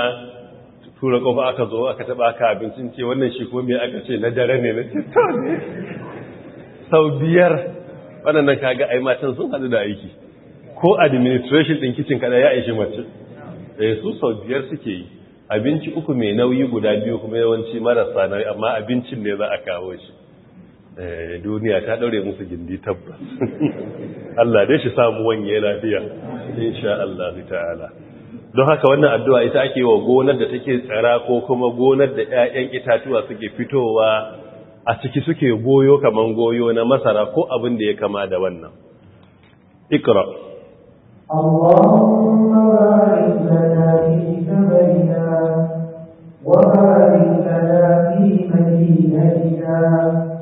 tura kofa aka zo aka taba aka abincin ce wannan shi ko me aka ce na dare ne na tito ne sau biyar wadannan kaga ai matan sun hadu da aiki ko administration din kicin kada ya aishi mace eh su sau biyar suke yi abinci uku mai nauyi guda biyu kuma yawanci marasa nauyi amma abincin ne za a kawo shi Eh, duniya ta ɗaure musu gindi tabbas Allah dai shi samu wanye lafiya insha Allah ta'ala don haka wannan addu'a ita ake wa gonar da take tsara ko kuma gonar da 'ya'yan itatuwa suke fitowa a ciki suke goyo kamar goyo na masara ko abin da ya kama da wannan ikra Allahumma barik lana fi wa barik lana fi madinatina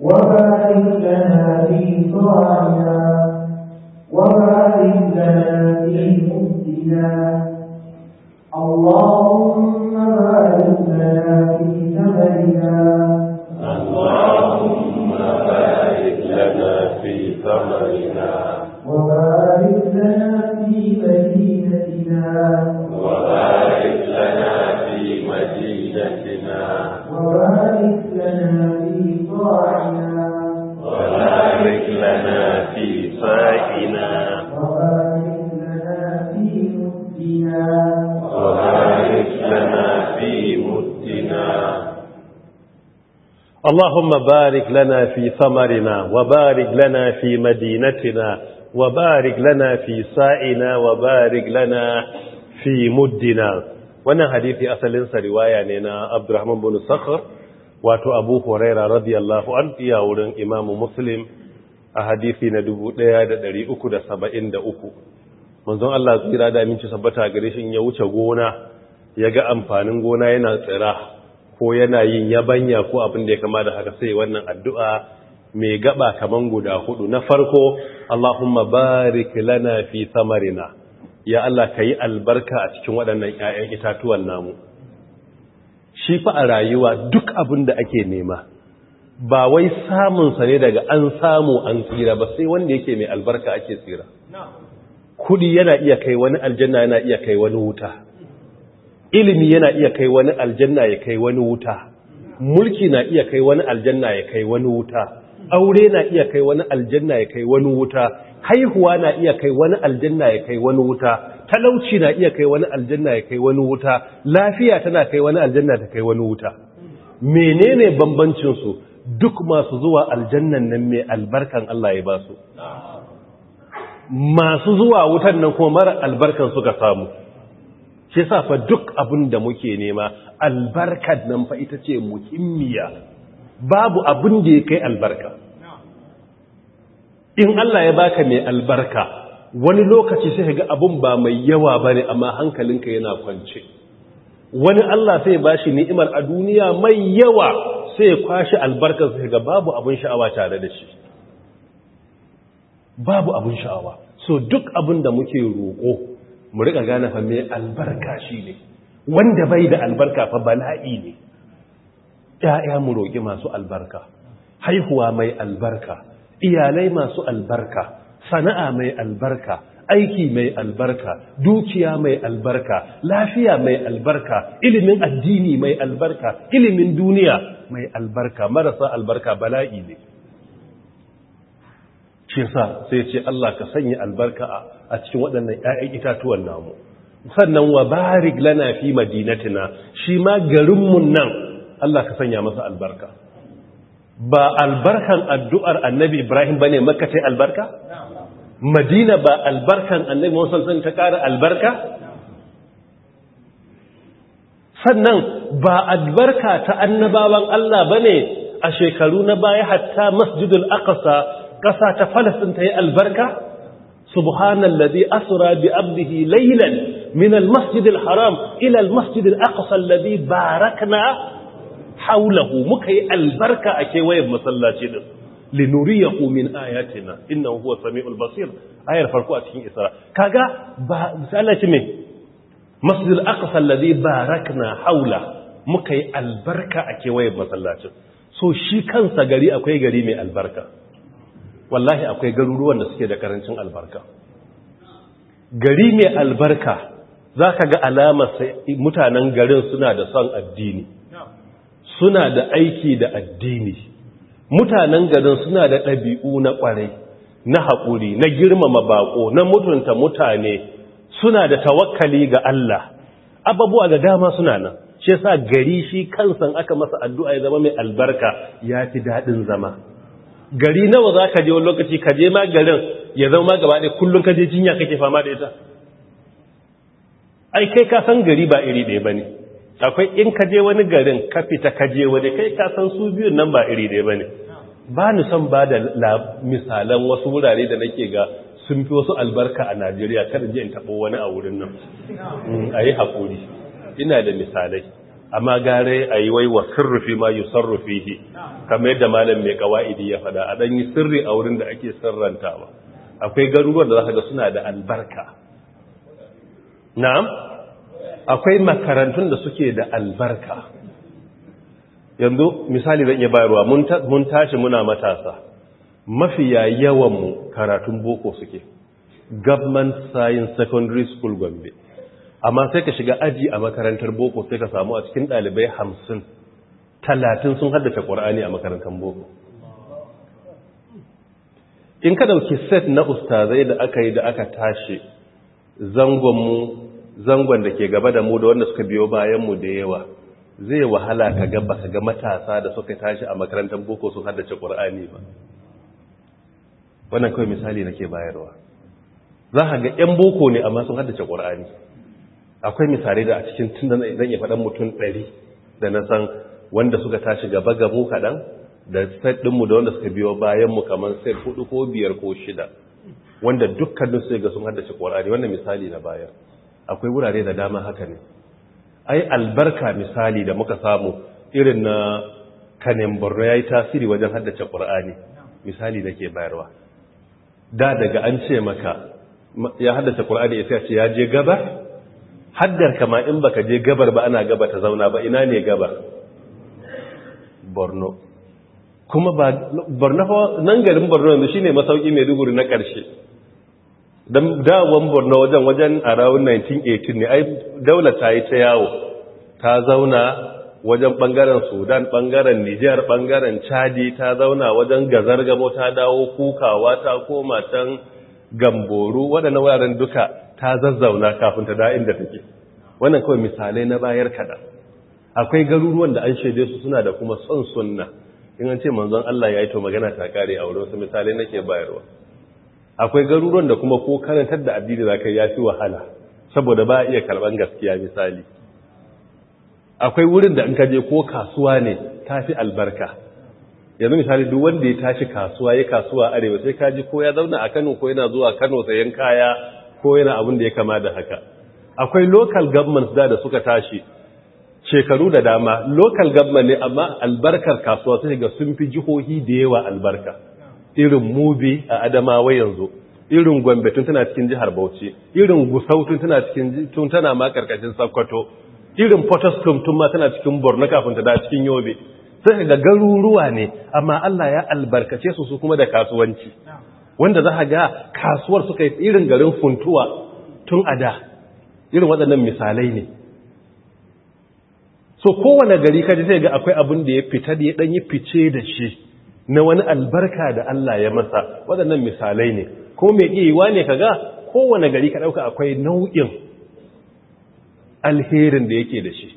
وبارك لنا في صاعنا وبارك لنا في مدنا اللهم بارك لنا في ثمرنا اللهم بارك لنا في ثمرنا اللهم بارك لنا في ثمرنا وبارك لنا في مدينتنا وبارك لنا في سائنا wannan hadisi asalinsa riwaya ne na Abdurrahman bin Sakhr wato Abu Huraira radiyallahu an iya wurin Imam Muslim a hadisi na dubu ɗaya da saba'in uku. manzon Allah tsira da aminci sabbata gare shi ya wuce gona ya ga amfanin gona yana tsira ko yana yin yabanya ko abin da ya kama da haka sai wannan addu'a mai gaba kaman guda hudu na farko Allahumma barik lana fi samarina ya Allah ka yi albarka a cikin waɗannan ‘ya'yan itatuwan namu shi fa a rayuwa duk abin da ake nema ba wai samunsa ne daga an samu an tsira ba sai wanda yake mai albarka ake tsira kudi yana iya kai wani aljanna yana iya kai wani wuta ilimi yana iya kai wani aljanna ya kai wani wuta mulki na iya kai wani aljanna ya kai wani wuta aure na iya kai wani aljanna ya kai wani wuta haihuwa na iya kai wani aljanna ya kai wani wuta talauci na iya kai wani aljanna ya kai wani wuta lafiya tana kai wani aljanna ta kai wani wuta menene bambancin su duk masu zuwa aljannan nan mai albarkan Allah ya ba su masu zuwa wutan nan kuma mara albarkan suka samu shi yasa fa duk abin da muke nema albarkar nan fa ita ce muhimmiya babu abin da ya kai albarka in Allah ya baka mai albarka wani lokaci sai ga abin ba mai yawa ba ne amma hankalinka yana kwance wani Allah sai ba shi ni'imar a duniya mai yawa sai kwashi albarkar sai ga babu abin sha'awa tare da shi babu abin sha'awa so duk abun da muke roƙo mu rika gane fa me albarka shine wanda bai da albarka fa bala'i ne ƴaƴa mu roƙi masu albarka haihuwa mai albarka iyalai masu albarka sana'a mai albarka aiki mai albarka dukiya mai albarka lafiya mai albarka ilimin addini mai albarka ilimin duniya mai albarka marasa albarka bala'i ne shi sa sai ce Allah ka sanya albarka a cikin waɗannan 'ya'yan itatuwan namu sannan wa barik lana fi madinatina shi ma garinmu nan Allah ka sanya masa albarka ba albarkan addu'ar annabi Ibrahim bane maka ta albarka madina ba albarkan annabi Musa sun ta ƙara albarka sannan ba albarka ta annabawan Allah ba ne a shekaru na baya hatta masjidul aqsa ƙasa ta falastin ta yi albarka subhanallazi asra bi abdihi laylan min almasjid alharam ila almasjid alaqsa alladhi barakna hawlahu muka yi albarka a kewayen masallaci din linuriyahu min ayatina innahu huwa samiul basir ayar farko a cikin isra kaga ba misalci me masjid al-aqsa alladhi barakna haula muka yi albarka a kewayen masallacin so shi kansa gari akwai gari mai albarka wallahi akwai garuruwan da suke da karancin albarka gari mai albarka za ka ga alamar mutanen garin suna da son addini suna da aiki da addini mutanen garin suna da ɗabi'u na ƙwarai na haƙuri na girmama baƙo na mutunta mutane suna da tawakkali ga Allah Abubuwa da dama suna nan shi yasa gari shi kansan aka masa addu'a ya zama mai albarka ya fi daɗin zama gari nawa za ka je wani lokaci ka je ma garin ya zama gaba ɗaya kullum ka je jinya kake fama da ita ai kai ka san gari ba iri ɗaya ba ne akwai in ka je wani garin ka fita ka je wani kai ka san su biyun nan ba iri ɗaya ba ne ba ni son ba da misalan wasu wurare da nake ga sun fi wasu albarka a najeriya kada je in taɓo wani a wurin nan mm, a yi haƙuri ina da misalai amma gare a yi waiwa sirrufi ma yi sarrufihi kamar yadda malam mai kawa'idi ya fada a ɗan sirri a wurin da ake sirrantawa akwai garuruwan da za ka ga suna da albarka na'am akwai makarantun da suke da albarka yanzu misali zan iya bayarwa mun tashi muna matasa mafiya yawanmu karatun boko suke government science secondary school gombe amma sai ka shiga aji a makarantar boko sai ka samu a cikin ɗalibai hamsin talatin sun haddace ƙwar'ani a makarantar boko in ka ɗauki set na ustazai da aka yi da aka tashi zangonmu zangon da ke gaba da mu da wanda suka biyo bayanmu da yawa zai wahala ka ga ka ga matasa da suka tashi a makarantar boko sun haddace ƙwar'ani ba wannan kawai misali nake bayarwa za ka ga 'yan boko ne amma sun haddace ƙwar'ani akwai misali da a cikin tun da zan yi faɗan mutum ɗari da na san wanda suka tashi gaba ga mu kaɗan da set ɗinmu da wanda suka biyo bayan mu kamar set hudu ko biyar ko shida wanda dukkanin su ga sun haddace ƙwarari wannan misali na baya akwai wurare da dama haka ne ai albarka misali da muka samu irin na kanin borno ya yi tasiri wajen haddace ƙwarari misali da ke bayarwa da daga an ce maka ya haddace ƙwarari ya sai ce ya je gaba haddar kama in baka je gabar ba ana gaba ta zauna ba ina ne gabar borno kuma ba borno nan garin borno yanzu shine masauki mai duguri na karshe Dan dawon borno wajen wajen a rawun 1918 ne ai daula ta yi ta yawo ta zauna wajen bangaren sudan bangaren nijar bangaren chadi ta zauna wajen gazar ta dawo kukawa ta koma can gamboru waɗannan wuraren duka ta zazzauna kafin ta da inda take wannan kawai misalai na bayar kada akwai garuruwan da an shaide su suna da kuma son sunna in an ce manzon Allah ya yi to magana ta kare a wurin su misalai nake bayarwa akwai garuruwan da kuma ko karantar da addini zaka ya fi wahala saboda ba iya karban gaskiya misali akwai wurin da in ka je ko kasuwa ne tafi albarka yanzu misali duk wanda ya tashi kasuwa ya kasuwa arewa sai ka ji ko ya zauna a Kano ko yana zuwa Kano sayan kaya ko yana abin da ya kama da haka akwai local government da da suka tashi shekaru da dama local government ne amma albarkar kasuwa sai shiga sun fi jihohi da yawa albarka irin mubi a adamawa yanzu irin gombe tun tana cikin jihar bauchi irin gusau tun tana cikin tun tana ma karkashin sokoto irin potoskum tun ma tana cikin borno kafin ta da cikin yobe sai ga garuruwa ne amma Allah ya albarkace su su kuma da kasuwanci wanda za ga kasuwar suka yi irin garin funtuwa tun a da irin waɗannan misalai ne so kowane gari kaji sai ga akwai abin da ya fita da ya ɗan yi fice da shi na wani albarka da Allah ya masa waɗannan misalai ne kuma mai iya yiwa ne ka ga kowane gari ka ɗauka akwai nau'in alherin da yake da shi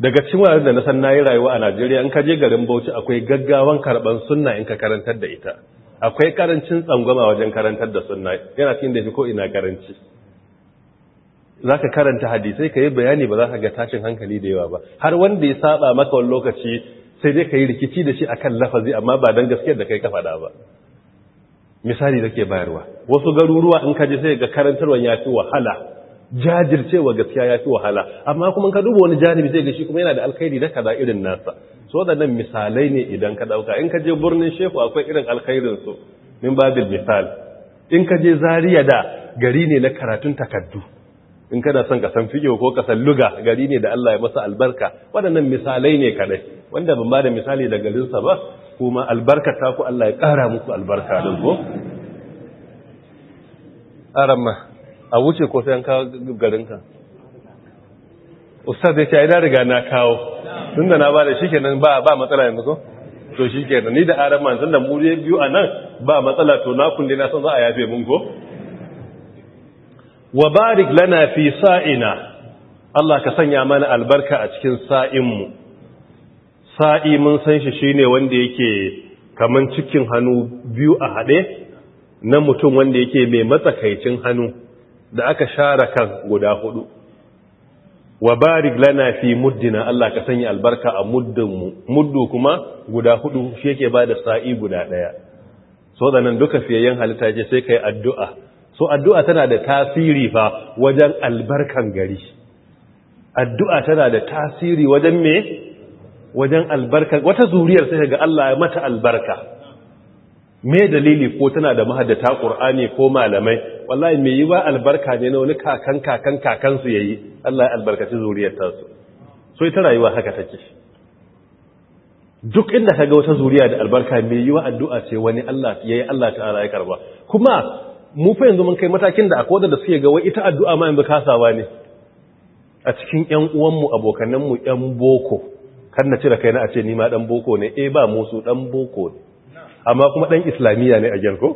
daga cikin wuraren da na san nayi rayuwa a Najeriya in ka je garin Bauchi akwai gaggawan karban sunna in ka karantar da ita akwai karancin tsangwama wajen karantar da sunna yana cikin da fi ko ina karanci zaka karanta hadisai yi bayani ba za ka ga tashin hankali da yawa ba har wanda ya saba maka wani lokaci sai dai ka yi rikici da shi akan lafazi amma ba dan gaskiyar da kai ka fada ba misali da ke bayarwa wasu garuruwa in ka je sai ga karantarwa ya fi wahala jajircewa gaskiya ya fi wahala amma kuma ka duba wani janibi zai gashi kuma yana da alkhairi da kaza irin nasa so waɗannan misalai ne idan ka ɗauka in ka je birnin shehu akwai irin alkhairinsu min babil misal in ka je zariya da gari ne na karatun takaddu in kana son ka san fiƙo ko ka san luga gari ne da Allah ya masa albarka waɗannan misalai ne kadai wanda ban ba da misali da garinsa ba kuma albarka ta ku Allah ya ƙara muku albarka din ko aramma a wuce ko sai an kawo garinka ustaz ya ce ai riga na kawo tun da na ba da shi kenan ba ba matsala yanzu ko to shi kenan ni da arama tun da mu biyu a nan ba matsala to na kun na san za a yafe mun ko wa barik lana fi sa'ina Allah ka sanya mana albarka a cikin sa'in mu sa'i mun san shi shine wanda yake kaman cikin hannu biyu a hade na mutum wanda yake mai matsakaicin hannu da aka share kan guda hudu wa barik lana fi muddina Allah ka sanya albarka a muddinmu muddu kuma guda hudu shi yake bada sa'i guda daya so da nan duka fiyayyen halitta ce sai kai addu'a so addu'a tana da tasiri fa wajen albarkan gari addu'a tana da tasiri wajen me wajen albarka wata zuriyar sai ga Allah ya mata albarka me dalili ko tana da mahaddata qur'ani ko malamai wallahi me yi ba albarka ne na wani kakan kakan kakan su yayi Allah ya albarkaci zuriyar ta su so ita rayuwa haka take duk inda kaga wata zuriya da albarka me yi wa addu'a ce wani Allah yayi Allah ta'ala ya karba kuma mu fa yanzu mun kai matakin da akwai wanda suke ga wai ita addu'a ma yanzu kasawa ne a cikin ƴan uwanmu mu ƴan boko kan na cire kaina a ce ni ma dan boko ne eh ba musu dan boko ne amma kuma ɗan islamiyya ne a gyarko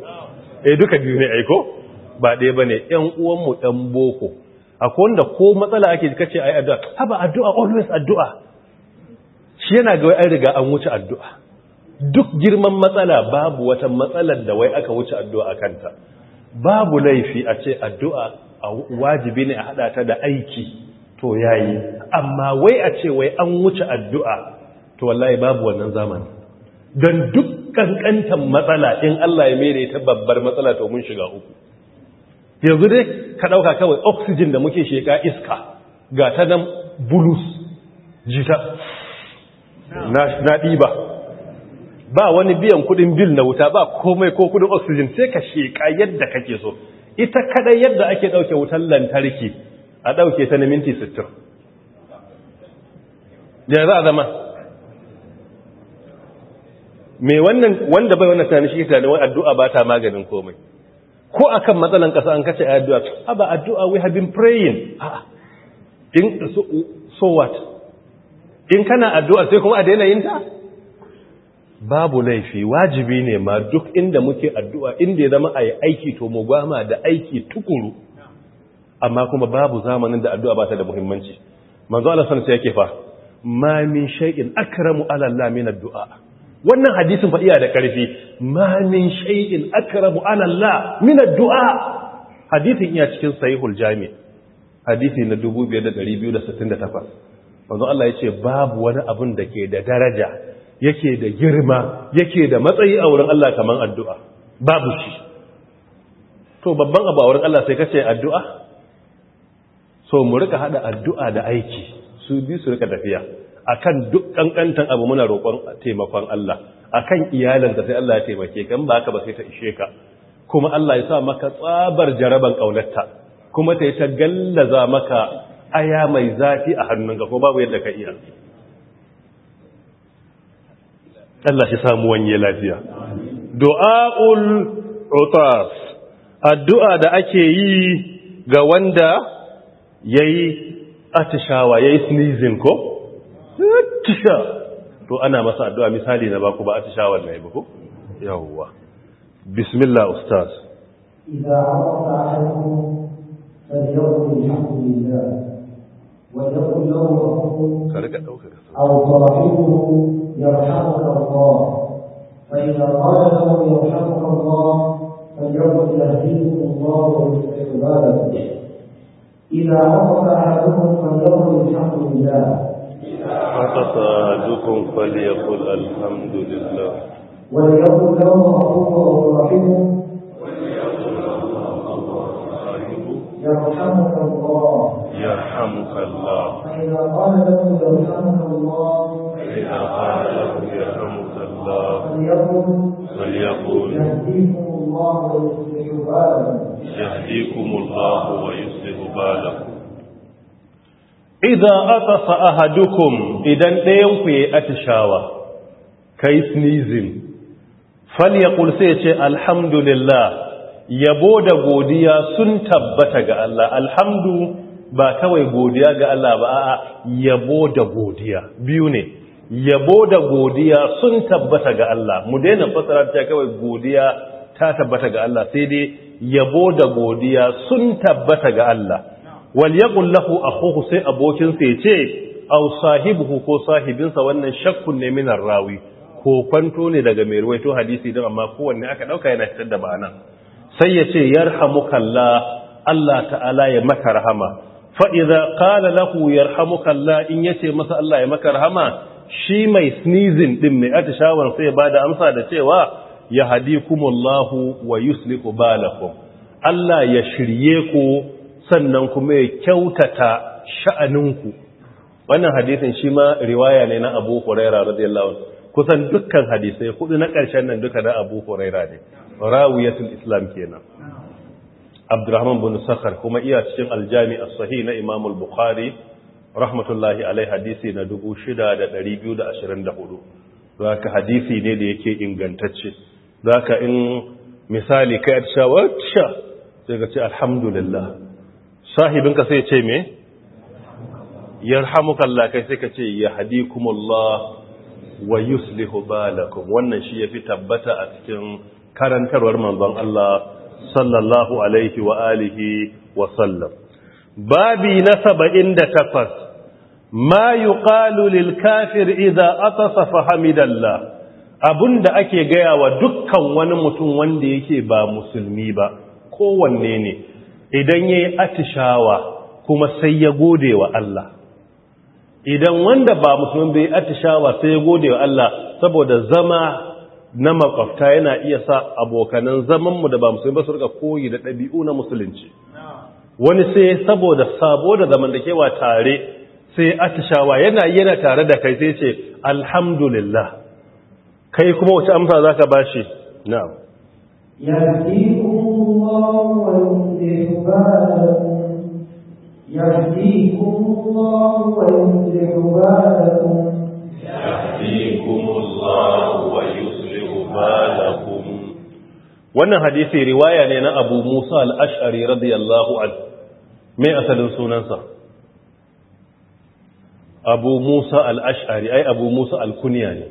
eh duka biyu ne aiko ba ɗaya bane yan uwanmu uwanmu ɗan boko a wanda ko matsala ake kace ayi addu'a haba addu'a always addu'a shi yana ga wai an riga an wuce addu'a duk girman matsala babu wata matsalar da wai aka wuce addu'a a kanta babu laifi a ce addu'a a wajibi ne a haɗa ta da aiki to yayi amma wai a ce wai an wuce addu'a to wallahi babu wannan zamani don duk kankantar matsala in Allah ya mere ta babbar matsala to mun shiga uku yanzu dai ka ɗauka kawai oxygen da muke sheka iska ga ta nan bulus jita na ɗiba ba wani biyan kudin bil na wuta ba komai ko kudin oxygen sai ka sheka yadda kake so ita kadai yadda ake ɗauke wutar lantarki a ɗauke ta na minti 60 ya za a zama me wannan wanda bai wannan tunani shi tunani wai addu'a ba ta maganin komai ko akan matsalan kasa an kace addu'a aba addu'a we have been praying a'a in so, so what in kana addu'a sai kuma a daina yin ta babu laifi wajibi ne ma duk inda muke addu'a inda ya zama a aiki to mu gwama da aiki tukuru amma kuma babu zamanin da addu'a ba ta da muhimmanci manzo Allah san sai yake fa ma min shay'in akramu ala Allah min addu'a wannan hadisin fa iya da ƙarfi ma min shay'in akrabu ala Allah min ad hadisin iya cikin sahihul jami hadisi na 2268 manzo Allah yace babu wani abun da ke da daraja yake da girma yake da matsayi a wurin Allah kaman addu'a babu shi to babban abu a wurin Allah sai kace addu'a so mu rika hada addu'a da aiki su bi su rika tafiya akan duk kankantan abu muna roƙon taimakon Allah akan iyalanka sai Allah ya taimake ka ba ka ba sai ta ishe ka kuma Allah ya sa maka tsabar jaraban kaunarta kuma ta yi ta gallaza maka aya mai zafi a hannunka ko babu yadda ka iya Allah shi samu wanye lafiya du'aul otas addu'a da ake yi ga wanda yayi atishawa yayi sneezing ko kisha to ana masa addu'a misali na baku ba atishawar ne ba ku yawwa bismillah ustaz idza ra'a فَيَوْمَ يَحْكُمُ اللَّهُ وَيَوْمَ يَوْمَ أَوْ طَرَفُهُ يَرْحَمُكَ اللَّهُ فَإِذَا قَالَ لَهُ يَرْحَمُكَ اللَّهُ فَيَوْمَ يَهْدِيكُمُ اللَّهُ وَيَسْتَغْفِرُ لَكُمْ إِذَا أَمَرَ أَحَدُكُمْ فَيَوْمَ يَحْكُمُ اللَّهُ حقق أحدكم فليقل الحمد لله وليقل الله غفور رحيم يرحمك الله يرحمك الله فإذا قال له يرحمك الله فإذا قال له يرحمك الله فليقل فليقل يهديكم الله ويصلح بالكم يهديكم الله ويصلح بالكم idza atasa hadukun idan ɗayan ku yi atishawa Fal ya falyaqul ya ce alhamdulillah yabo da godiya sun tabbata ga Allah alhamdu ba kawai godiya ga Allah ba a'a yabo da godiya biyu ne yabo da godiya sun tabbata ga Allah mu daina fasara ta kawai godiya ta tabbata ga Allah sai dai yabo da godiya sun tabbata ga Allah wal yaqul lahu akhuhu sai abokinsa ya ce au sahibu ko sahibinsa wannan shakkun ne min rawi ko kwanto ne daga mai ruwaito hadisi don amma kowanne aka dauka yana fitar da ba'ana. sai ya ce yarhamukallah Allah ta'ala ya maka rahama fa idza qala lahu kalla in yace masa Allah ya maka rahama shi mai sneezing ɗin mai atishawar sai ba da amsa da cewa ya hadikumullahu wa yusliku balakum Allah ya shirye ku sannan kuma ya kyautata sha'aninku wannan hadisin shi ma riwaya ne na abu huraira radiyallahu kusan dukkan hadisai kudu na ƙarshen nan duka na abu huraira ne rawiyatul islam kenan abdurrahman bin sakhar kuma iya cikin aljami a sahi na imam al-bukhari rahmatullahi alaihi hadisi na 6224 zaka hadisi ne da yake ingantacce zaka in misali kai a cewa sai ka ce alhamdulillah sahibinka sai ce me yarhamukallah kai sai ka ce yahdikumullah wa yuslihu balakum wannan shi yafi tabbata a cikin karantarwar manzon Allah sallallahu alaihi wa alihi wa sallam babi na 78 ma yuqalu lil kafir idza atasa fa hamidallah abunda ake gaya wa dukkan wani mutum wanda yake ba musulmi ba kowanne ne idan ya yi atishawa kuma sai ya gode wa Allah idan wanda ba musulman bai atishawa sai ya gode wa Allah saboda zama na makwafta yana iya sa abokanan zamanmu da ba musulun ba su rika koyi da ɗabi'u na musulunci wani sai saboda sabo da kewa tare sai atishawa yana yana tare da kai sai ce alhamdulillah kai kuma wace amsa za ka bashi na'am يهديكم الله ويصلح بالكم يهديكم الله ويصلح بالكم يهديكم الله ويصلح بالكم wannan hadisi riwaya ne na Abu Musa al-Ash'ari radiyallahu anhu mai asalin sunansa Abu Musa al-Ash'ari ai Abu Musa al-Kunya ne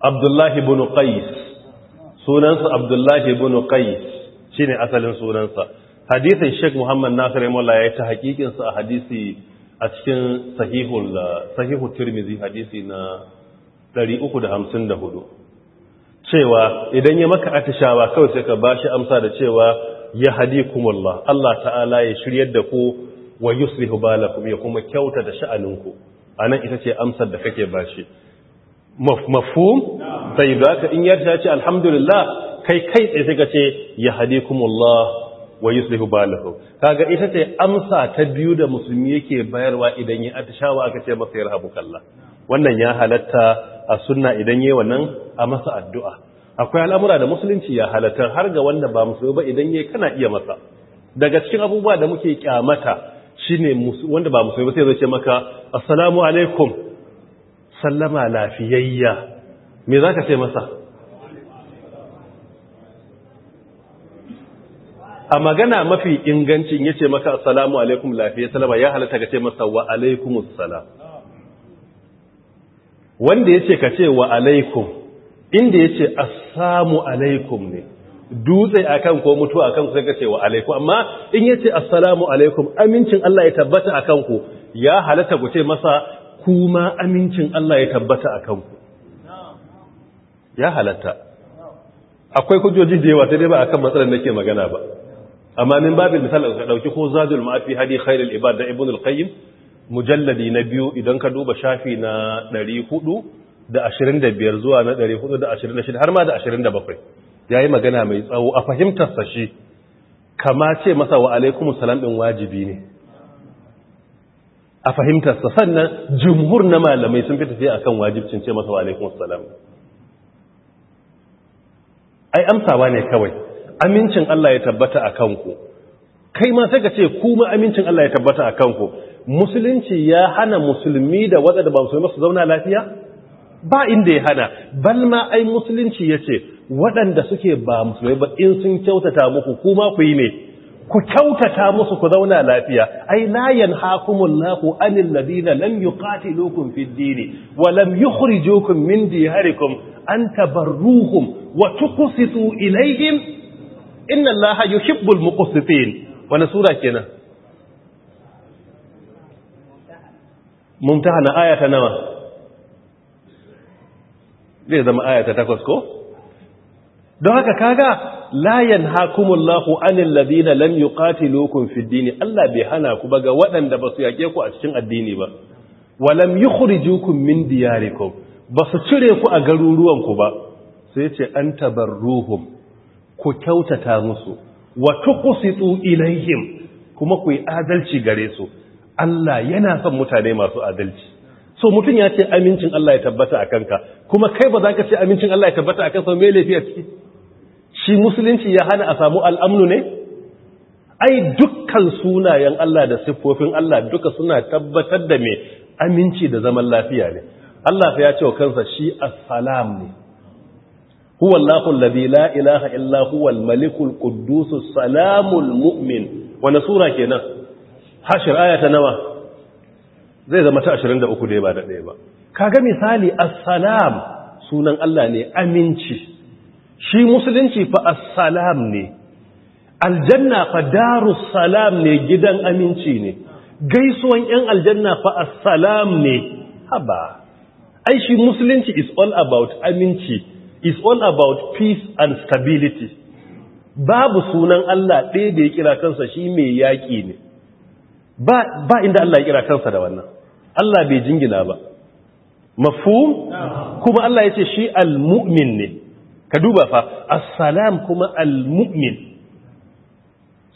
Abdullah ibn Qais sunansa abdullahi ibn qais shine asalin sunansa hadisin sheikh muhammad nasir mola ya yi ta hakikin sa a hadisi a cikin sahihul sahihu tirmidhi hadisi na 354 cewa idan ya maka atishawa kawai sai ka bashi amsa da cewa ya hadikumullah Allah ta'ala ya shiryar da ku wa yuslihu balakum ya kuma kyautata sha'aninku anan ita ce amsar da kake bashi mafhum bai da haka in yarda ce alhamdulillah kai kai tsaye sai ka ce ya hadikumullah wa yuslihu balahu kaga ita ce amsa ta biyu da musulmi yake bayarwa idan ya atishawa aka ce masa yarhamukallah wannan ya halatta a sunna idan yayi wannan a masa addu'a akwai al'amura da musulunci ya halatta. har ga wanda ba musulmi ba idan yayi kana iya masa daga cikin abubuwa da muke kyamata shine wanda ba musulmi ba sai zai ce maka assalamu alaikum sallama lafiyayya me za ka ce masa a magana mafi ingancin ya ce maka assalamu alaikum lafiya salama ya halatta ka ce masa wa alaikumus salam wanda ya ce ka ce wa alaikum inda ya ce assamu alaikum ne dutse akan ko mutu akan ku sai ka ce wa alaikum amma in ya ce assalamu alaikum amincin Allah ya tabbata akan ku ya halatta ku ce masa kuma amincin Allah ya tabbata a kanku ya halatta akwai kujoji da yawa sai dai ba akan matsalar nake magana ba amma min babin misal ka dauki ko zadul ma'afi hadi khairul ibad da ibnul qayyim mujalladi na biyu idan ka duba shafi na 400 da 25 zuwa na 400 da 26 har ma da 27 yayi magana mai tsawo a fahimtar sa shi kama ce masa wa alaikumus salam din wajibi ne a fahimtarsa sannan jumhur na malamai sun fi tafiya akan wajibcin ce masa wa salam ai amsawa ne kawai amincin Allah ya tabbata a kanku kai ma sai ka ce kuma amincin Allah ya tabbata a kanku musulunci ya hana musulmi da da ba musulmi su zauna lafiya ba inda ya hana ma ai musulunci ya ce waɗanda suke ba musulmi ba in sun kyautata muku kuma ku yi ne ku kyautata musu ku zauna lafiya ai la yanhaqumullahu anil ladina lam yuqatilukum fid din wa lam yukhrijukum min diyarikum an tabarruhum wa tuqsitu ilayhim inna allaha yuhibbul muqsitin wala sura kenan mumtahana ayata nawa zai zama ayata takwas ko don haka kaga la yanhakumullahu anil ladina lam yuqatilukum fid din Allah bai hana ku ba ga waɗanda ba su yake ku a cikin addini ba walam yukhrijukum min diyarikum ba su cire ku a garuruwan ku ba sai ce an tabarruhum ku kyautata musu wa tuqsitu ilaihim kuma ku yi adalci gare su Allah yana son mutane masu adalci so mutum ya ce amincin Allah ya tabbata a ka, kuma kai ba za ka ce amincin Allah ya tabbata a kansa mai laifi a ciki shi musulunci ya hana a samu al'amnu ne ai dukkan sunayen Allah da siffofin Allah duka suna tabbatar da mai aminci da zaman lafiya ne Allah fa ya ce wa kansa shi as-salam ne huwa Allahu allazi la ilaha illa huwa al-malikul quddus salamul mu'min wani sura kenan hashir ayata nawa zai zama ta 23 dai ba da ɗaya ba kaga misali as-salam sunan Allah ne aminci shi musulunci fa assalam ne aljanna fa darus salam ne gidan aminci ne gaisuwan yan aljanna fa assalam ne haba ai shi musulunci is all about aminci is all about peace and stability babu sunan Allah ɗaya da ya kira kansa shi mai yaƙi ne ba, ba inda Allah ya kira kansa da wannan Allah bai jingina ba mafhum kuma Allah ya ce shi al-mu'min ne ka duba fa assalam kuma almu'min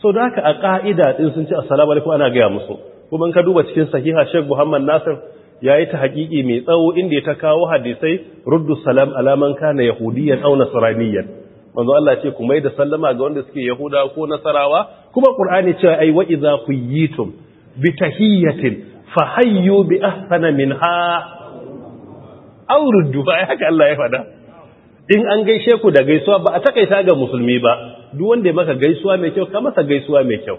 so da haka a ka'ida din sun ce assalamu alaikum ana gaya musu kuma ka duba cikin sahiha Sheikh Muhammad Nasir yi ta hakiki mai tsawo inda ta kawo hadisai ruddu salam alaman kana yahudiyan aw nasraniyan manzo Allah ce ku mai da sallama ga wanda suke yahuda ko nasarawa kuma qur'ani cewa ai wa idza quyitum bi tahiyatin hayyu bi ahsana minha aw ruddu haka Allah ya fada in an gaishe ku da gaisuwa ba a takaita ga musulmi ba duk wanda ya maka gaisuwa mai kyau ka masa gaisuwa mai kyau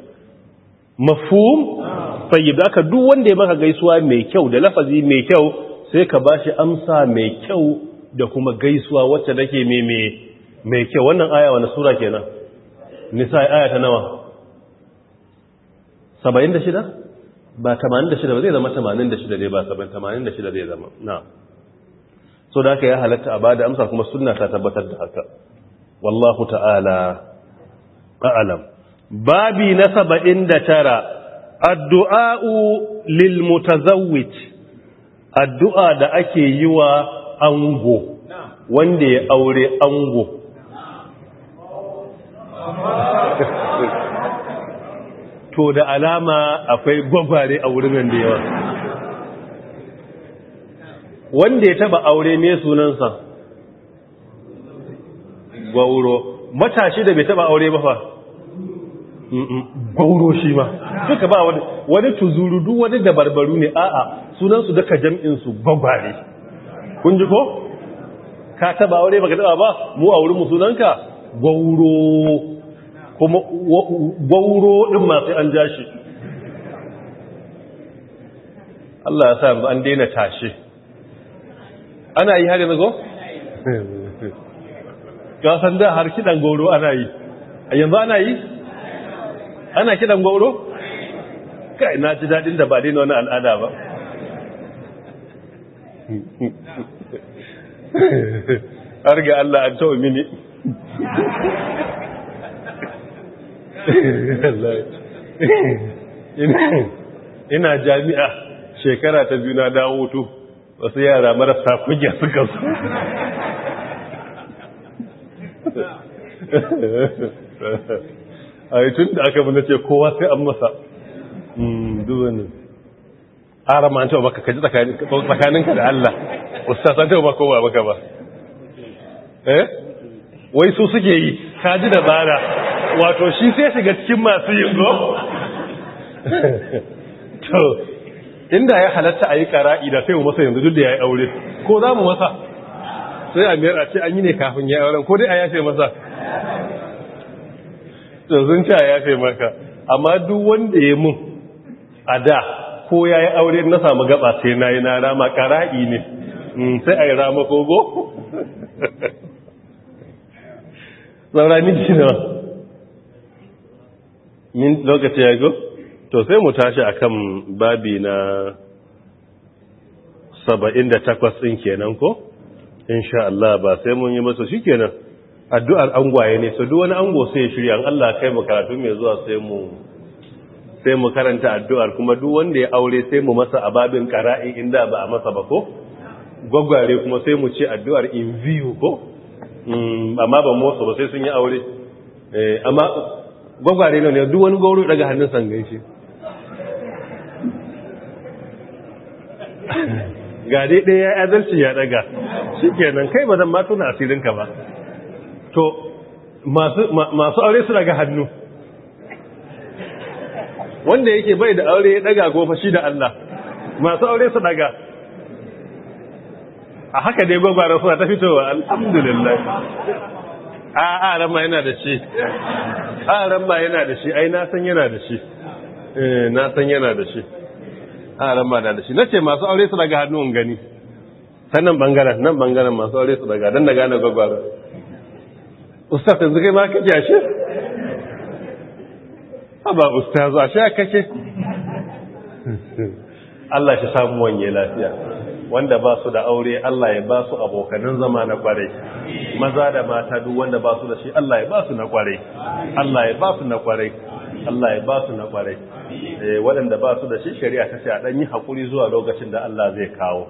mafhum tayyib haka duk wanda ya maka gaisuwa mai kyau da lafazi mai kyau sai ka bashi amsa mai kyau da kuma gaisuwa wacce take mai mai mai kyau wannan aya wani sura kenan nisa aya ta nawa 76 ba 86 ba zai zama 86 ne ba 86 zai zama na'am so da ka ya halatta a bada amsa kuma suna ta tabbatar da haka wallahu ta'ala a'lam babi na saba'in da tara, addu'a'u lil mutazawwij addu'a da ake yi wa ango wanda ya aure ango to da alama akwai gwagware a wurin da yawa wanda ya taba aure mai sunansa gwauro matashi da bai taba aure ba fa gwauro shi ma duka ba wani wani tuzuru duk wani dabarbaru ne a'a sunansu duka jam'insu gwagware kun ji ko ka taba aure baka taba ba mu a wurin sunanka gwauro kuma gwauro ɗin masu an ja shi Allah ya sa ba an daina tashe ana yi har yanzu ga san da har kidan goro ana yi yanzu ana yi ana kidan goro kai na ji daɗin da ba dai wani al'ada ba har ga Allah an tawo mini ina jami'a shekara ta biyu na dawo to wasu yara marasa kunya suka zo a yi tun da aka bi na ce kowa sai an masa hmm, duwani ara ma an taɓa baka kaji tsakaninka da Allah ustaz an taɓa baka kowa baka ba eh wai su suke yi kaji da bara wato shi sai shiga cikin masu yin to inda ya halatta a yi kara'i da sai mu masa yanzu duk da ya yi aure ko za mu masa sai a mayar a ce an yi ne kafin ya yi auren ko dai a yafe masa sun ce a yafe maka amma duk wanda ya mun a da ko ya yi aure na samu gaba sai na yi na rama ƙara'i ne mm, sai a yi rama kogo saura miji na min lokaci ya go? to sai mu tashi akan babi na saba'in da takwas kenan ko insha Allah ba sai mun yi masa shi kenan addu'ar angwaye ne so duk wani ango sai ya shirya an Allah kai mu karatu mai zuwa sai mu sai mu karanta addu'ar kuma duk wanda ya aure sai mu masa ababin qara'i inda ba a masa ba ko gwagware kuma sai mu ce addu'ar in view ko mm, amma ba motsa ba sai sun yi aure eh, amma gwagware ne duk wani gauru daga hannun sangan shi gari ɗaya ya adalci ya ɗaga shi kenan kai ba zan ma tuna asirinka ba to masu aure su daga hannu wanda yake bai da aure ya ɗaga gofa shi da Allah masu aure su daga a haka dai gwagwarar suna ta fitowa alhamdulillah a a ramma yana da shi a ramma yana da shi ai na san yana da shi eh, na san yana da shi a ran ba da shi na ce masu aure su daga hannun gani sannan bangaren nan bangaren masu aure su daga don da gane gwagwara ustaz yanzu kai ma ji ashe haba ustaz ashe ya kace Allah shi samu wanye lafiya wanda ba su da aure Allah ya ba su abokanin zama na kwarai maza da mata duk wanda ba su da shi Allah ya ba su na kwarai Allah ya ba su na kwarai Allah ya ba su na kwarai eh, waɗanda ba su da shi shari'a ta ce a ɗan yi haƙuri zuwa lokacin da Allah zai kawo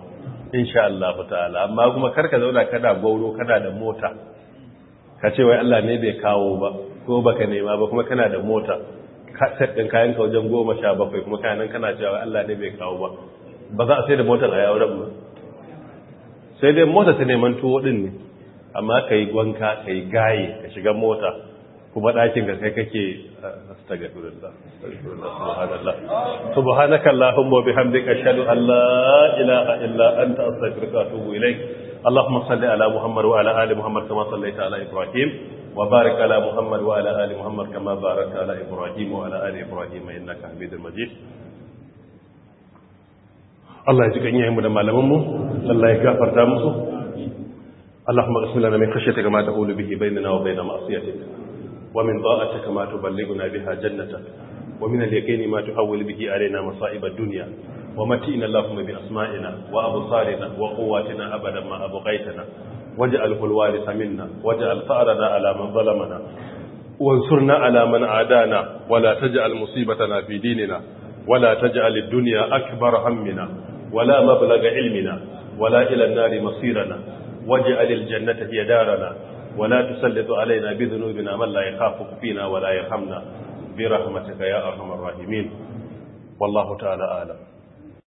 insha Allah ta'ala amma kuma karka zauna kada gauro kada da mota ka ce wai Allah ne bai kawo ba ko baka nema ba kuma kana da mota kasar ɗin kayan ka wajen goma sha bakwai kuma kayanan kana cewa Allah ne bai kawo ba ba za a sai da motar a yawon rabu sai dai mota ta neman tuwo ɗin ne amma ka yi gwanka ka yi gaye ka shiga mota kuma ɗakin ka kai kake نستغفر الله نستغفر الله سبحان الله سبحانك اللهم وبحمدك اشهد ان لا اله الا انت استغفرك واتوب اليك اللهم صل على محمد وعلى ال محمد كما صليت على ابراهيم وبارك على محمد وعلى ال محمد كما باركت على ابراهيم وعلى ال ابراهيم انك حميد مجيد الله يجزيك اياهم da malamanmu Allah ya gafarta musu اللهم اغفر لنا من خشيتك ما تقول به بيننا وبين معصيتك ومن طاعتك ما تبلغنا بها جنتك ومن اليقين ما تحول به علينا مصائب الدنيا ومتئنا اللهم بأسمائنا وأبصارنا وقواتنا أبدا ما أبقيتنا واجعله الوارث منا واجعل فأرنا على من ظلمنا وانصرنا على من عادانا ولا تجعل مصيبتنا في ديننا ولا تجعل الدنيا أكبر همنا ولا مبلغ علمنا ولا إلى النار مصيرنا واجعل الجنة هي دارنا ولا تسلط علينا بذنوبنا من لا يخافك فينا ولا يرحمنا برحمتك يا أرحم الراحمين والله تعالى أعلم